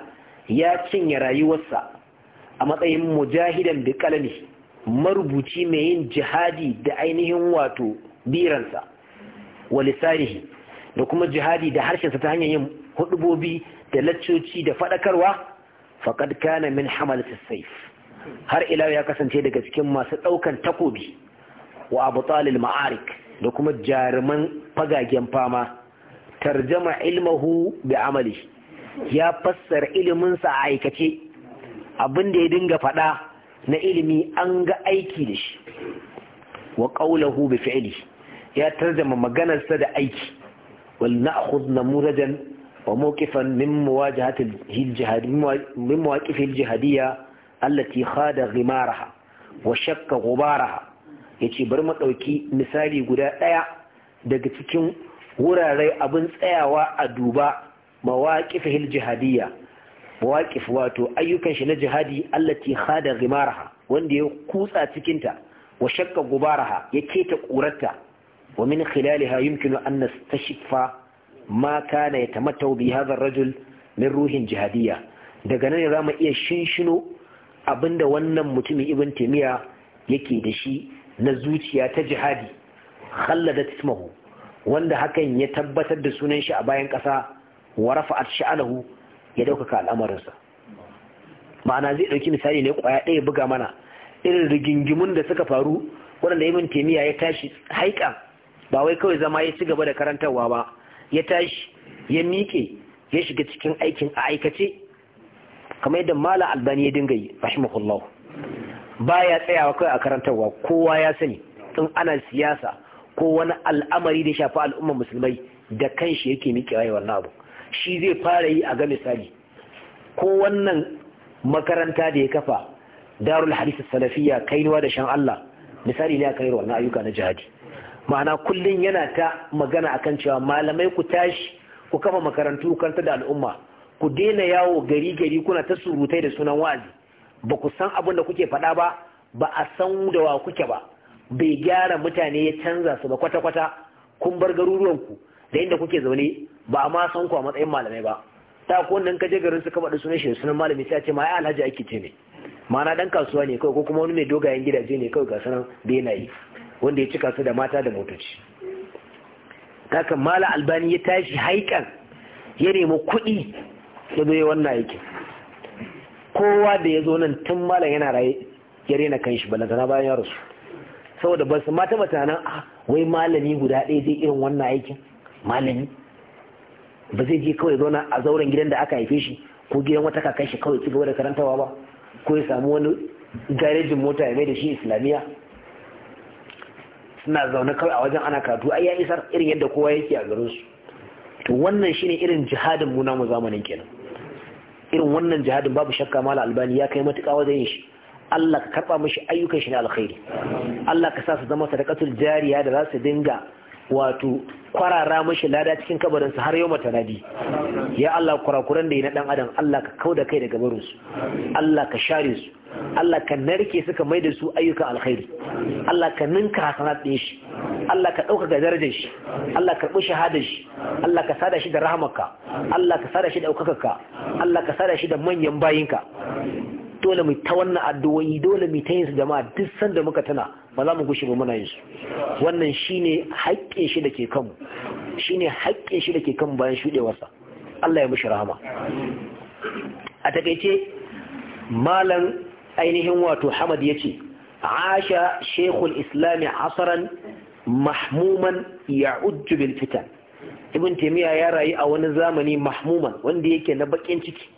ya cinye rayuwarsa a matsayin mujahidan bi qalamihi marubuci mai yin jihadi da ainihin wato biransa wa lisanihi da kuma jihadi da harshensa ta hanyar yin hudubobi da laccoci da fadakarwa faqad kana min hamalati har ila ya kasance daga cikin masu ɗaukan takobi wa abtalil ma'arik da kuma jaruman fagagen fama tarjama ilmahu bi amali ya fassara iliminsa a aikace abin da ya dinga faɗa na ilimi an ga aiki da shi wa ƙaulahu bi fi'ili ya tarjama maganarsa da aiki wal na'khudh namurajan وموقفا من مواجهة الجهاد من مواقف الجهادية التي خاد غمارها وشك غبارها yace bari mu ɗauki misali guda ɗaya daga cikin wurare abun tsayawa a duba mawaƙifihil jihadiyya mawaƙif wato ayyukan shi na jihadi allati khada ghimaraha wanda ya kutsa cikinta wa shakka gubaraha ya keta ƙurarta wa min khilaliha yumkinu an nastashfa ما كان ya بهذا الرجل من rajul min ruhin jihadiyya daga nan za mu iya shinshino abinda wannan mutumin ibn taymiya yake da shi na zuciya ta jihadi khallada tismahu wanda hakan ya tabbatar da sunan shi a bayan ƙasa wa rafa'at sha'alahu ya ɗaukaka al'amarinsa ma'ana zai ɗauki misali ne ƙwaya ɗaya buga mana irin rigingimun da suka faru waɗanda ibn taimiyya ya tashi haika ba wai kawai zama ya ci gaba da karantarwa ba ya tashi ya miƙe ya shiga cikin aikin a aikace kamar yadda mala albani ya dinga yi rahimahullahu ya tsayawa kai a karantarwa kowa ya sani in ana siyasa ko wani al'amari da shafi al'ummar musulmai da shi yake miƙe yi wannan abu shi zai fara yi a ga misali ko wannan makaranta da ya kafa darul hadith salafiya kainuwa da shan Allah misali ne a kairuwa na ayyuka na jihadi ma'ana kullum yana ta magana akan cewa malamai ku tashi ku kafa makarantu karanta da al'umma ku daina yawo gari gari kuna ta surutai da sunan wa'azi ba ku san abin da kuke faɗa ba ba a san da wa kuke ba bai gyara mutane ya canza su ba kwata kwata kun bar garuruwanku da inda kuke zaune ba a ma san ku a matsayin malamai ba ta ko nan ka garin su kama da sunan shi sunan malami sai a ce ma ai alhaji ake ce ne ma'ana dan kasuwa ne kawai ko kuma wani mai dogayen gidaje ne kawai ga sanan bai na yi wanda ya cika su da mata da motoci Kakan mala albani ya tashi haikan ya nemi kuɗi ya zo wannan aikin kowa da ya zo nan tun malam yana raye ya rena kan shi balantana bayan ya rasu saboda ba su mata mutanen a ah, wai malami guda ɗaya zai irin wannan aikin malami ba zai je kawai zauna a zauren gidan da aka haife shi ko gidan wata kakan shi kawai cigaba da karantawa ba ko ya samu wani garejin mota ya mai da shi islamiyya suna zaune kawai a wajen ana karatu ai ya isar irin yadda kowa yake a garin su to wannan shine irin jihadin mu mu zamanin kenan irin wannan jihadin babu shakka mala albani ya kai matuƙa wajen yin shi Allah ka karba mashi ayyukan shi na alkhairi Allah ka sa su zama sadaqatul jariya da za su dinga wato kwarara mashi lada cikin kabarin su har yau matanadi ya Allah kurakuran da yi na dan adam Allah ka kauda kai daga barin su Allah ka share su Allah ka narke suka mai da su ayyukan alkhairi Allah ka ninka hasanat ɗin shi Allah ka ɗaukaka darajar shi Allah ka karɓi shahadar shi Allah ka sada shi da rahamarka Allah ka sada shi da ɗaukakarka Allah ka sada shi da manyan bayinka dole mu ta wannan addu'o'i dole mu ta yin su jama'a duk sanda muka tana ba za mu gushe ba muna yin su wannan shine haƙƙin shi da ke kanmu shine haƙƙin shi da ke kanmu bayan shuɗewarsa Allah ya mishi rahama a takaice malam ainihin wato hamad ya ce asha shekul islami asaran mahmuman ya bil fitan ibn taimiyya ya rayu a wani zamani mahmuman wanda yake na bakin ciki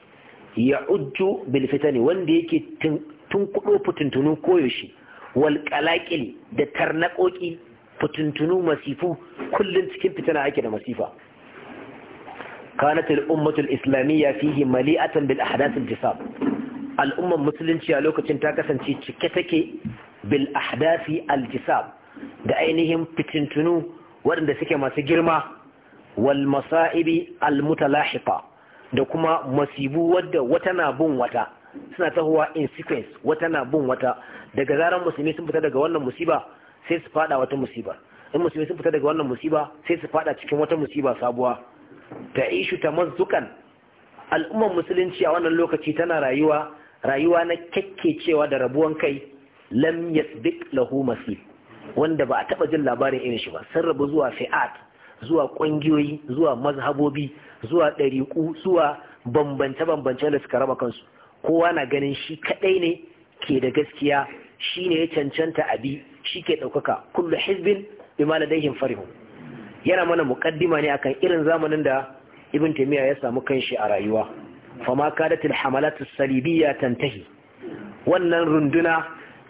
ya ujju bil fitani wanda yake tun kudo fitintunu koyaushe wal qalaqil da tarnaƙoƙi fitintunu masifu kullun cikin na ake da masifa kanatul ummatul islamiyya fihi mali'atan bil ahdath al jisab al'ummar musulunci a lokacin ta kasance cike take bil ahdasi aljisab da ainihin fitintunu waɗanda suke masu girma wal masa'ibi al mutalahiqa da kuma masibu wadda wata na bin wata suna tahowa in sequence wata na bin wata daga zaran musulmi sun fita daga wannan musiba sai su fada wata musiba in musulmi sun fita daga wannan musiba sai su fada cikin wata musiba sabuwa ta ishu ta mazzukan al'ummar musulunci a wannan lokaci tana rayuwa rayuwa na cewa da rabuwan kai lam yasbiq lahu masif wanda ba a taba jin labarin irin shi ba sun rabu zuwa fi'at zuwa kungiyoyi zuwa mazhabobi zuwa ɗariƙu zuwa bambance-bambance da suka raba kansu kowa na ganin shi kaɗai ne ke da gaskiya shi ne ya cancanta abi shi ke ɗaukaka kullu hizbin bima ladaihim farihun yana mana muqaddima ne akan irin zamanin da ibn taymiya ya samu kanshi a rayuwa fama kadatil hamalatu salibiyya tantahi wannan runduna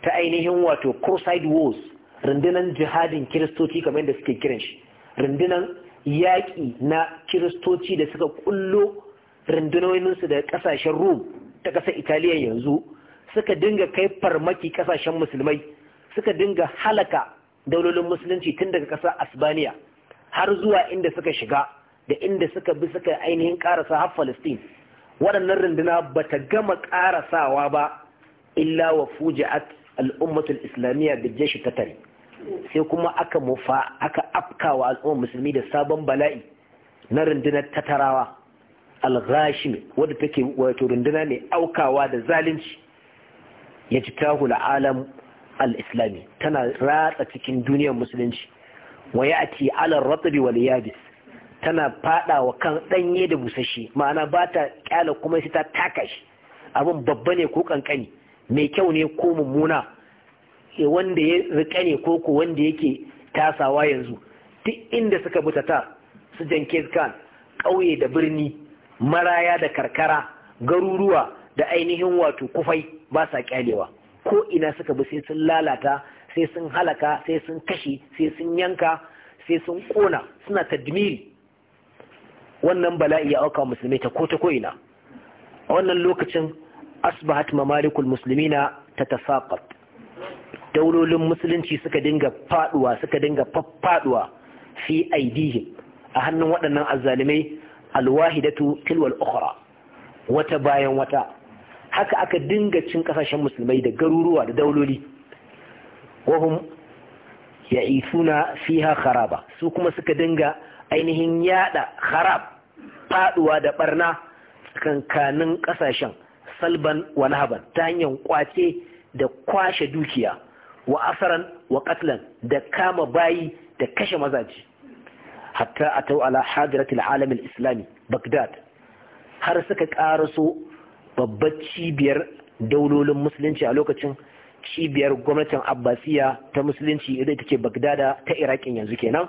ta ainihin wato crusade wars rundunan jihadin kiristoci kamar yadda suke kiran shi rundunan yaƙi na kiristoci da suka kullo rundunoninsu da ƙasashen rum ta ƙasar italiya yanzu suka dinga kai farmaki ƙasashen musulmai suka dinga halaka daulolin musulunci tun daga ƙasar asbaniya har zuwa inda suka shiga da inda suka bi suka ainihin ƙarasa har Falastin. waɗannan runduna ba ta gama ƙarasawa ba illa wa fuji'at al'ummatul islamiyya da jeshi tare sai kuma aka mufa aka afkawa al'ummar musulmi da sabon bala'i na rundunar tatarawa al-ghashim wadda take wato runduna mai aukawa da zalunci ya ji tahul alam al-islami tana ratsa cikin duniyar musulunci wa ya'ti ala ratbi wal yabis tana fada wa kan danye da busashi ma'ana ba ta kyala kuma sai ta taka shi abin babba ne ko kankani mai kyau ne ko mummuna eh, wanda ya rika ne ko ko wanda yake tasawa yanzu duk inda suka buta ta su janke kan ƙauye da birni maraya da karkara garuruwa da ainihin wato kufai ba sa kyalewa ko ina suka bi sai sun lalata sai sun halaka sai sun kashe sai sun yanka sai sun kona suna tadmiri wannan bala'i ya auka musulmai ta ko ta koina a wannan lokacin asbahat mamalikul muslimina ta tasaqat daulolin musulunci suka dinga faduwa suka dinga faffaduwa fi aidihim a hannun waɗannan azzalimai alwahidatu tilwal ukhra wata bayan wata haka aka dinga cin kasashen musulmai da garuruwa da dauloli wahum ya isuna fiha kharaba su kuma suka dinga ainihin yada kharab faduwa da barna kankanin kasashen salban wa nahaban ta hanyar kwace da kwashe dukiya wa asaran wa katlan da kama bayi da kashe mazaji hatta a tau ala hadiratul alamin islami bagdad har suka karaso babbar cibiyar daulolin musulunci a lokacin cibiyar gwamnatin abbasiya ta musulunci idan take bagdada ta irakin yanzu kenan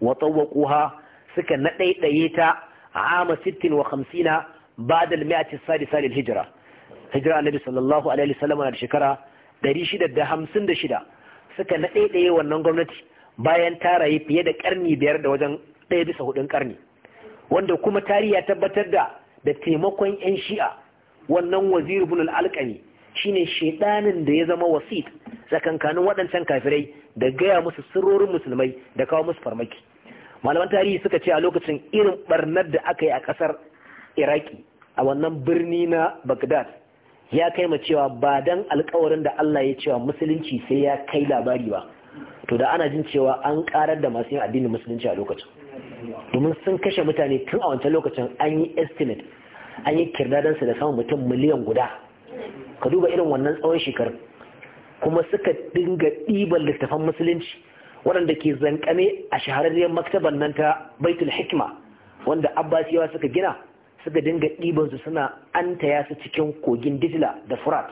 wa tsawwaquha suka naɗaiɗaye ta عام 56 بعد المئة السادسة للهجرة هجرة النبي صلى الله عليه وسلم على شكرا dari shida da hamsin da shida suka na ɗaiɗaye wannan gwamnati bayan ta rayu fiye da ƙarni biyar da wajen ɗaya bisa hudun ƙarni wanda kuma tarihi ya tabbatar da da taimakon 'yan shi'a wannan wazir ibn al shine shedanin da ya zama wasit tsakankanin waɗancan kafirai da gaya musu sirrorin musulmai da kawo musu farmaki malaman tarihi suka ce a lokacin irin barnar da aka yi a kasar iraki a wannan birni na bagdad ya kai ma cewa ba dan alkawarin da allah ya cewa musulunci sai ya kai labari ba to da ana jin cewa an karar da masu yin addinin musulunci a lokacin domin sun kashe mutane tun a wancan lokacin an yi estimate an yi kirdadansa da samun mutum miliyan guda ka duba irin wannan tsawon shekaru kuma suka dinga ɗiban littafan musulunci waɗanda ke zankane a shahararriyar maktaban nan ta baitul hikma wanda abbasiyawa suka gina suka dinga ɗibansu suna an taya su cikin kogin dijila da furat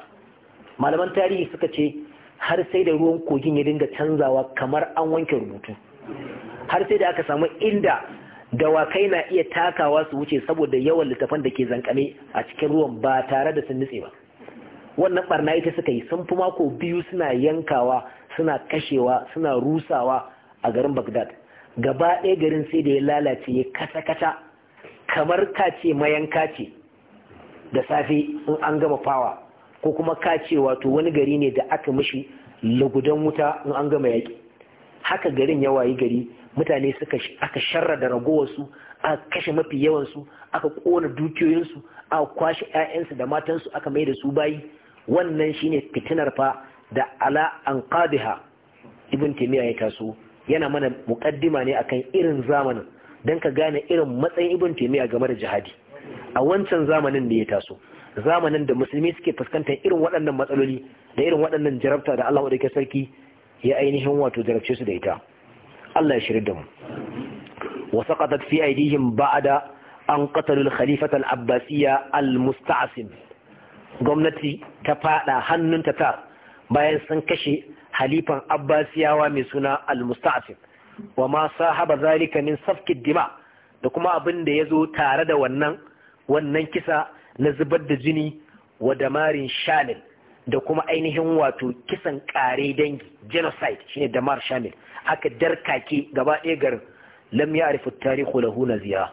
malaman tarihi suka ce har sai da ruwan kogin ya dinga canzawa kamar an wanke rubutu har sai da aka samu inda dawakai na iya takawa su wuce saboda yawan littafan da ke zankame a cikin ruwan ba tare da sun nutse ba wannan barna ita suka yi sun fi mako biyu suna yankawa suna kashewa suna rusawa a garin Bagdad gaba ɗaya garin sai da ya lalace ya kata-kata kamar kace mayanka ce da safe in an gama fawa ko kuma kace wato wani gari ne da aka mishi lagudan wuta in an gama yaƙi haka garin ya wayi gari mutane suka aka sharra da ragowarsu aka kashe mafi yawansu aka ƙona dukiyoyinsu aka kwashe 'ya'yansu da matansu aka mai da su bayi wannan shine fitinar fa da ala an qadiha ibn taymiya ya taso yana mana muqaddima ne akan irin zamanin dan ka gane irin matsayin ibn taymiya game da jihadi a wancan zamanin da ya taso zamanin da musulmi suke fuskantar irin waɗannan matsaloli da irin waɗannan jarabta da Allah wadake sarki ya ainihin wato jarabce su da ita Allah ya shirya da mu wa saqatat fi aidihim ba'da an qatalu al-khalifata al-abbasiyya al-musta'sim gwamnati ta fada hannunta ta bayan sun kashe halifan abbasiyawa mai suna al-musta'afin wa ma sahaba zalika min safkid dima da kuma abin da ya zo tare da wannan wannan kisa na zubar da jini wa damarin shamil da kuma ainihin wato kisan kare dangi genocide shine damar shamil aka darkake gaba ɗaya garin lam ya arifu tarihu lahu nazira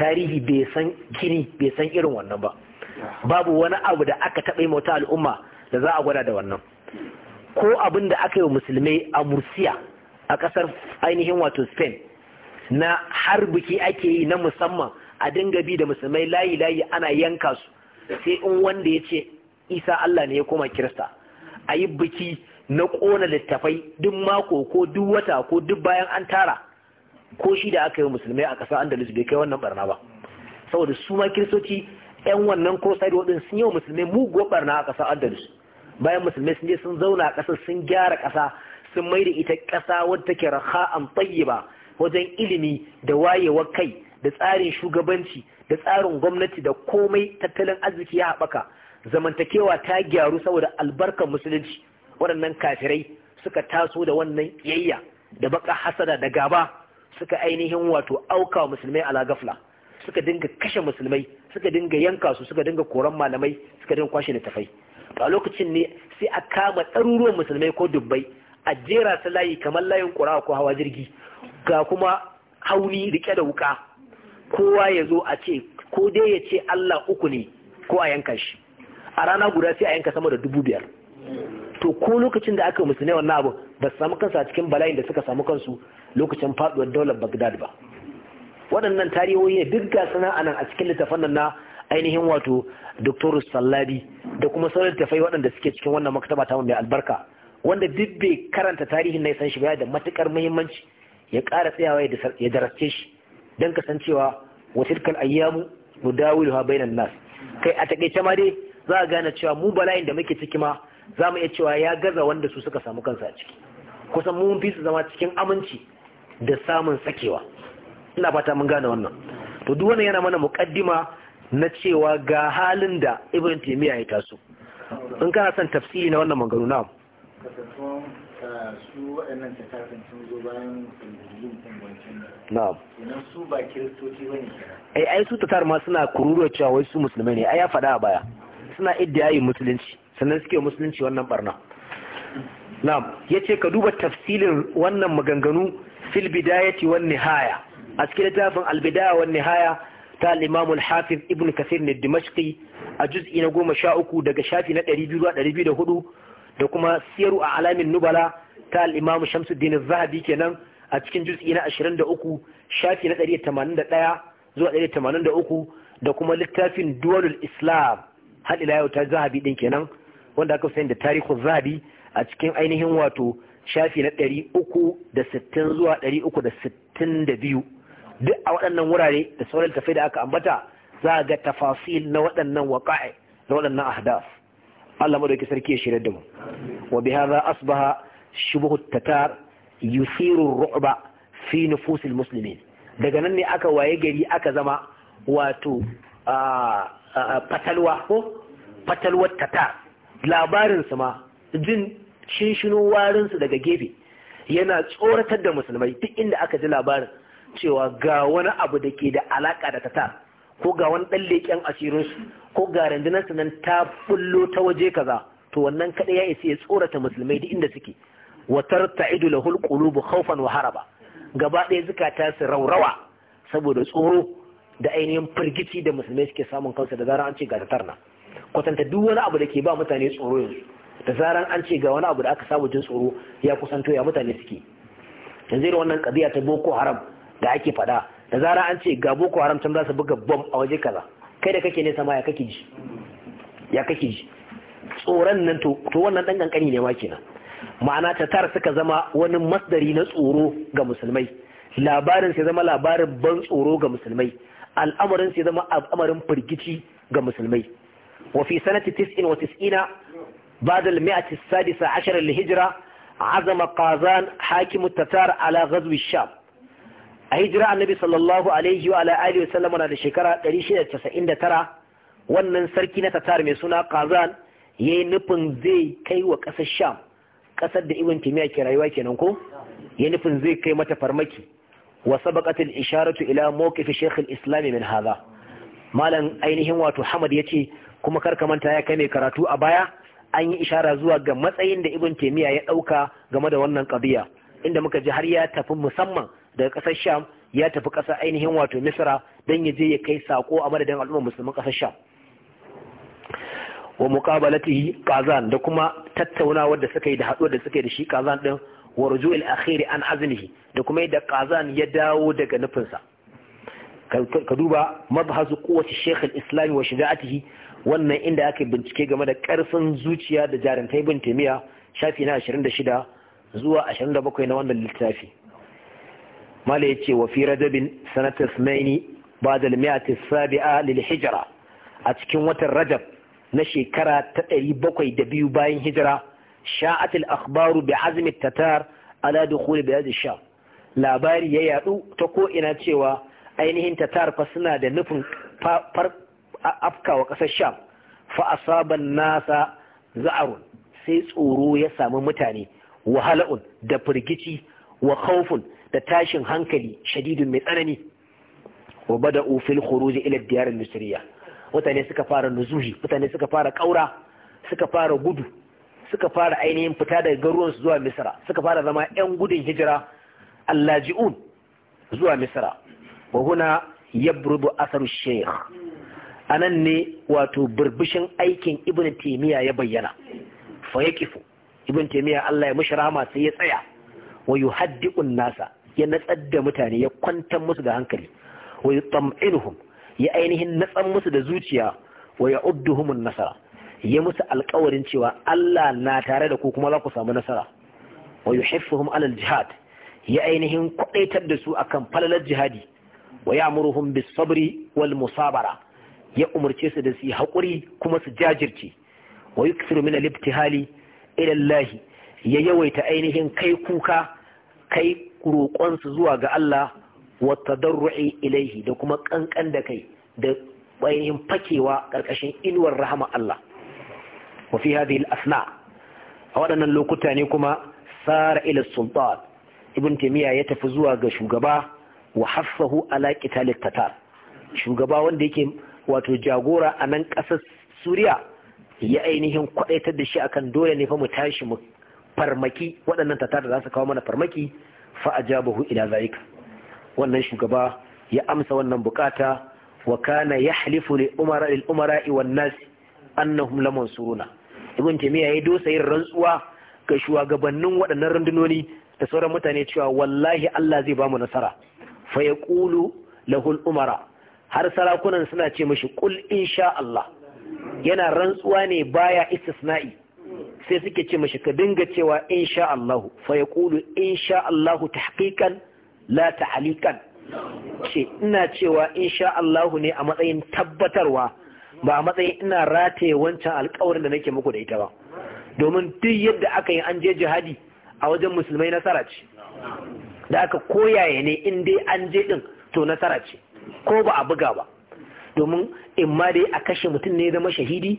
tarihi bai san gini bai san irin wannan ba babu wani abu da aka taɓa yi mota al'umma da za a gwada da wannan ko abin da aka yi wa musulmai a mursiya a ƙasar ainihin wato spain na har biki ake yi na musamman a dinga bi da musulmai layi layi ana yanka su sai in wanda ya ce isa allah ne ya koma kirista a yi biki na ƙona littafai duk mako ko duk wata ko duk bayan an tara ko shi da aka yi musulmai a ƙasar andalus bai kai wannan barna ba saboda su ma kiristoci 'yan wannan ko side sun yi wa musulmai muguwar barna a ƙasar andalus bayan musulmai sun je sun zauna a ƙasar sun gyara ƙasa sun mai da ita ƙasa wadda take raha'an tayyiba wajen ilimi da wayewa kai da tsarin shugabanci da tsarin gwamnati da komai tattalin arziki ya haɓaka zamantakewa ta gyaru saboda albarkar musulunci waɗannan kafirai suka taso da wannan ƙiyayya da baka hasada da gaba suka ainihin wato auka musulmai ala gafla suka dinga kashe musulmai suka dinga yanka su suka dinga koran malamai suka dinga kwashe littattafai. to a lokacin ne sai a kama ɗaruruwan musulmai ko dubbai a jera su layi kamar layin ƙura ko hawa jirgi ga kuma hauni rike da wuka kowa ya zo a ce ko dai ya ce Allah uku ne ko a yanka shi a rana guda sai a yanka sama da dubu biyar to ko lokacin da aka musulmai wannan abu ba su samu kansa a cikin bala'in da suka samu kansu lokacin faduwar daular Bagdad ba waɗannan tarihohi ne duk ga sana'a nan a cikin littafan nan na ainihin wato Dr. Salladi da kuma sauran tafai waɗanda suke cikin wannan maktaba ta mai albarka wanda duk bai karanta tarihin na san shi da matukar muhimmanci ya ƙara tsayawa ya darasce shi don kasancewa wasilkal ayyamu mu bai bainan nas kai a takaice ma dai za a gane cewa mu bala'in da muke ciki ma za mu iya cewa ya gaza wanda su suka samu kansa a ciki kusan mun fi su zama cikin aminci da samun sakewa ina fata mun gane wannan to duk wannan yana mana muqaddima na cewa ga halin da ibn taymiya ya taso in kana son tafsiri na wannan maganganu na su sun zo bayan su ba kiristoci bane ai ai su tatar ma suna kururuwa cewa wai su musulmai ne ai ya faɗa a baya suna iddiyayin musulunci sannan suke musulunci wannan barna na'am yace ka duba tafsilin wannan maganganu fil bidayati wan nihaya a cikin littafin al bidaya wan nihaya ta al hafiz Ibn kasir ne Dimashqi a juz'i na uku daga shafi na ɗari biyu ɗari biyu da hudu, da kuma Siyaru a Alamin Nubala ta limamu Shamsu Shamsuddin zahabi kenan a cikin juz'i na uku shafi na ɗari da ɗaya zuwa ɗari tamanin da uku, da kuma littafin Duwalul Islam har ila yau ta Zahabi ɗin kenan wanda aka sani da tarihin Zahabi a cikin ainihin wato shafi na ɗari uku da sittin zuwa ɗari uku da da sittin biyu. duk a waɗannan wurare da sauran tafai da aka ambata za a ga tafasil na waɗannan waƙa'i na waɗannan ahdas Allah madauki sarki ya shirya da mu wa bi hadha asbaha shubhu tatar yusiru ru'ba fi nufusil muslimin daga nan ne aka waye gari aka zama wato fatalwa ko tatar labarin ma jin shinshinu warin su daga gefe yana tsoratar da musulmai duk inda aka ji labarin cewa ga wani abu da ke da alaƙa da tatar ko ga wani ɗan leƙen asirinsu ko ga rundunarsu nan ta bullo ta waje kaza to wannan kaɗai ya isa ya tsorata musulmai duk inda suke watar idu lahul qulubu khawfan wa haraba gaba ɗaya zukata su raurawa saboda tsoro da ainihin firgici da musulmai suke samun kansa, da zarar an ce ga tatar na kwatanta duk wani abu da ke ba mutane tsoro yanzu da zarar an ce ga wani abu da aka samu jin tsoro ya kusanto ya mutane suke yanzu wannan kadiya ta boko haram da ake faɗa da zara an ce ga boko haram can za su buga bom a waje kaza kai da kake nesa ma ya kake ji ya kake ji tsoron nan to wannan dan kankani ne ma kenan ma'ana tar suka zama wani masdari na tsoro ga musulmai labarin sai zama labarin ban tsoro ga musulmai al'amarin sai zama al'amarin firgici ga musulmai wa fi sanati 99 بعد المئة السادسة عشر للهجرة عزم قازان حاكم التتار على غزو الشام a hijira annabi sallallahu alaihi wa alihi wasallam na da shekara 699 wannan sarki na tatar mai suna kazan yayi nufin zai kai wa ƙasar sham ƙasar da ibn timiya ke rayuwa kenan ko ya nufin zai kai mata farmaki wa sabaqat al isharatu ila mawqif shaykh al islam min hadha malam ainihin wato hamad yace kuma karka manta ya kai mai karatu a baya an yi ishara zuwa ga matsayin da ibn timiya ya dauka game da wannan qadiya inda muka ji har ya tafi musamman daga ƙasar sham ya tafi ƙasar ainihin wato misra don ya je ya kai sako a madadin al'ummar musulman ƙasar sham wa muqabalatihi qazan da kuma tattaunawa da suka yi da haɗuwar da suka yi da shi qazan din wa ruju'il akhiri an azmihi da kuma yadda qazan ya dawo daga nufinsa ka duba mabhasu kowace sheikh al-islam wa shija'atihi wannan inda aka bincike game da karfin zuciya da jarintai bin taimiya shafi na 26 zuwa 27 na wannan littafi mala ya ce wa fi rajabin sanatas maini ba da limiyati sabi'a lil hijira a cikin watan rajab na shekara ta ɗari bakwai da biyu bayan hijira sha'atul akhbaru bi azmi tatar ala dukhuli bilad sha labari ya yadu ta ko ina cewa ainihin tatar fa suna da nufin afkawa ƙasar sham fa asaban nasa za'arun sai tsoro ya samu mutane wahala'un da firgici wa khawfun da tashin hankali shadidun mai tsanani wa da fil khuruj ila diyar al-misriya mutane suka fara nuzuhi mutane suka fara kaura suka fara gudu suka fara ainihin fita daga garuwan zuwa misra suka fara zama yan gudun hijira allaji'un zuwa misra wa huna yabrudu atharu shaykh anan ne wato burbushin aikin ibn taymiya ya bayyana fa yaqifu ibn taymiya Allah ya mishi rahama sai ya tsaya wa yuhaddiqun nasa ya natsar da mutane ya kwantar musu da hankali wa yutam'inuhum ya ainihin natsan musu da zuciya wa ya'udduhum nasara ya musu alƙawarin cewa Allah na tare da ku kuma za ku samu nasara wa yuhiffuhum alal jihad ya ainihin kwadaitar da su akan falalar jihadi wa ya'muruhum bis sabri wal musabara ya umarce su da su yi haƙuri kuma su jajirce wa yuksiru min al-ibtihali ila Allah ya yawaita ainihin kai kuka kai roƙonsu zuwa ga Allah wa tadarru'i ilaihi da kuma kankan da kai da bayin fakewa ƙarƙashin inuwar rahama Allah wa fi hadhihi al-asna a waɗannan lokuta ne kuma sara ila sultan ibn timiya ya tafi zuwa ga shugaba wa hafsahu ala qital tatar shugaba wanda yake wato jagora a nan ƙasar Suriya ya ainihin kwadaitar da shi akan dole ne fa mu tashi mu farmaki waɗannan tatar da za su kawo mana farmaki fa ajabahu ila zalika wannan shugaba ya amsa wannan bukata Wakana kana yahlifu li umara lil umara'i wan nas annahum la mansuruna ibn taymiya ya dosa yin rantsuwa ga shugabannin waɗannan rundunoni da sauran mutane cewa wallahi Allah zai bamu nasara fa yaqulu lahu al umara har sarakunan suna ce mashi kul insha Allah yana rantsuwa ne baya istisna'i sai suke ce mashi ka dinga cewa sha Allah fa in insha Allah tahqiqan la ta'liqan ce ina cewa sha Allah ne a matsayin tabbatarwa ba a matsayin ina rataye wancan alƙawarin da nake muku da ita ba domin duk yadda aka yi an je jihadi a wajen musulmai nasara ce da aka koyaye ne in dai an je din to nasara ce ko ba a buga ba domin in ma dai a kashe mutum ne zama shahidi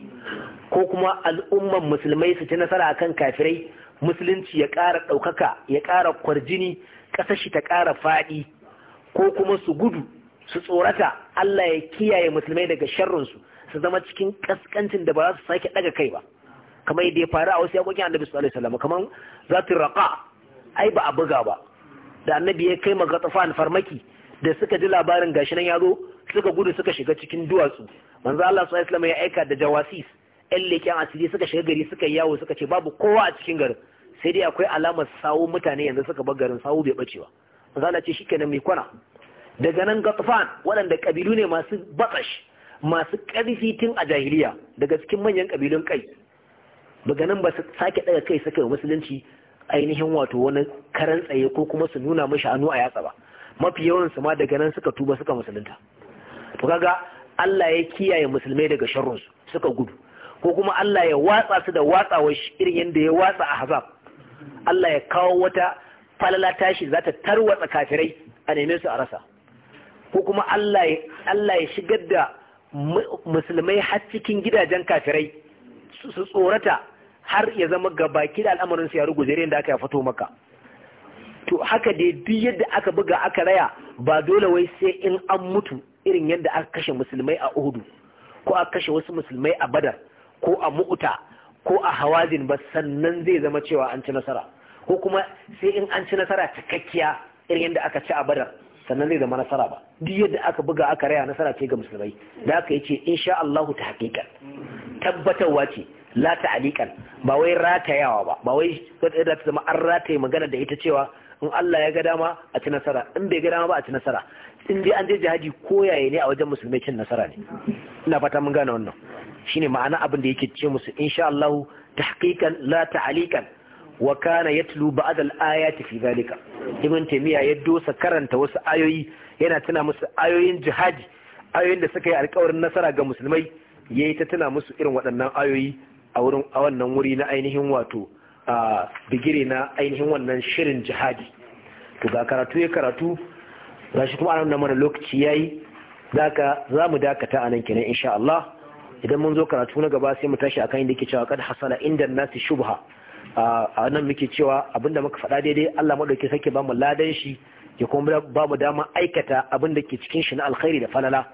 ko kuma al'umman musulmai su ci nasara akan kafirai musulunci ya ƙara ɗaukaka ya ƙara kwarjini ƙasar shi ta ƙara faɗi ko kuma su gudu su tsorata Allah ya kiyaye musulmai daga sharrinsu su zama cikin ƙasƙancin da ba za su sake ɗaga kai ba kamar yadda ya faru a wasu yaƙoƙin annabi sallallahu alaihi wasallam kamar ta raƙa ai ba a buga ba da annabi ya kai magatafan farmaki da suka ji labarin gashi nan ya zo suka gudu suka shiga cikin duwatsu manzo Allah sallallahu alaihi ya aika da jawasis ɗan leken asiri suka shiga gari suka yawo suka ce babu kowa a cikin garin sai dai akwai alamar sawu mutane yanzu suka bar garin sawu bai bacewa manzo Allah ce shikenan mai kwana daga nan Gatfan waɗanda kabilu ne masu batsash masu ƙarfi tun a jahiliya daga cikin manyan kabilun kai daga nan ba su sake daga kai suka musulunci ainihin wato wani karan tsaye ko kuma su nuna mashi hannu a yatsa ba mafi yawan su ma daga nan suka tuba suka musulunta to kaga Allah ya kiyaye musulmai daga su suka gudu ko kuma Allah ya watsa su da watsawar shi irin yadda ya watsa a hazab Allah ya kawo wata falala tashi za ta tarwatsa kafirai a neman su a rasa ko kuma Allah ya shigar da musulmai har cikin gidajen kafirai su tsorata har ya zama gabaki da al'amarin su ya ruguje da aka ya fito maka to haka dai duk yadda aka buga aka raya ba dole wai sai in an mutu irin yadda aka kashe musulmai a uhudu ko aka kashe wasu musulmai a badar ko a mu'uta ko a hawazin ba sannan zai zama cewa an ci nasara ko kuma sai in an ci nasara cikakkiya irin yadda aka ci a badar sannan zai zama nasara ba duk yadda aka buga aka raya nasara ce ga musulmai da aka yi ce insha Allahu ta haƙiƙa tabbatarwa ce la ta'alikan ba wai ratayawa ba ba wai da zama an rataye magana da ita cewa in Allah ya ga dama a ci nasara in bai ga dama ba a ci nasara in dai an je jihadi koyaye ne a wajen musulmai cin nasara ne ina fata mun gane wannan shine ma'ana abin da yake ce musu insha Allah tahqiqan la ta'alikan wa kana yatlu ba'd al-ayati fi zalika ibn taymiya ya dosa karanta wasu ayoyi yana tuna musu ayoyin jihadi ayoyin da suka yi alƙawarin nasara ga musulmai yayi ta tuna musu irin waɗannan ayoyi a wurin a wannan wuri na ainihin wato a bigire na ainihin wannan shirin jihadi to ga karatu ya karatu ga shi kuma ana mana lokaci yayi zaka za mu dakata a nan kenan insha Allah idan mun zo karatu na gaba sai mu tashi akan inda yake cewa kad hasala inda nasi shubha a nan muke cewa abinda muka faɗa daidai Allah madauki sake ba mu ladan shi ya kuma ba mu dama aikata abin da ke cikin shi na alkhairi da falala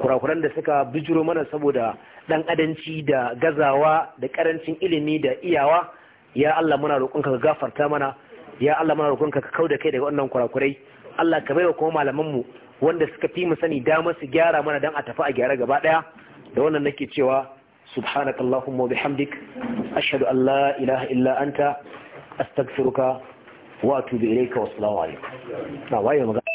kurakuran da suka bijiro mana saboda dan adanci da gazawa da karancin ilimi da iyawa ya Allah muna roƙonka ka gafarta mana ya Allah muna roƙonka ka kauda kai daga wannan kurakurai Allah ka baiwa kuma malaman mu wanda suka fi mu sani damar su gyara mana dan a tafi a gyara gaba daya da wannan nake cewa سبحانك اللهم وبحمدك أشهد أن لا إله إلا wa أستغفرك وأتوب إليك والسلام عليكم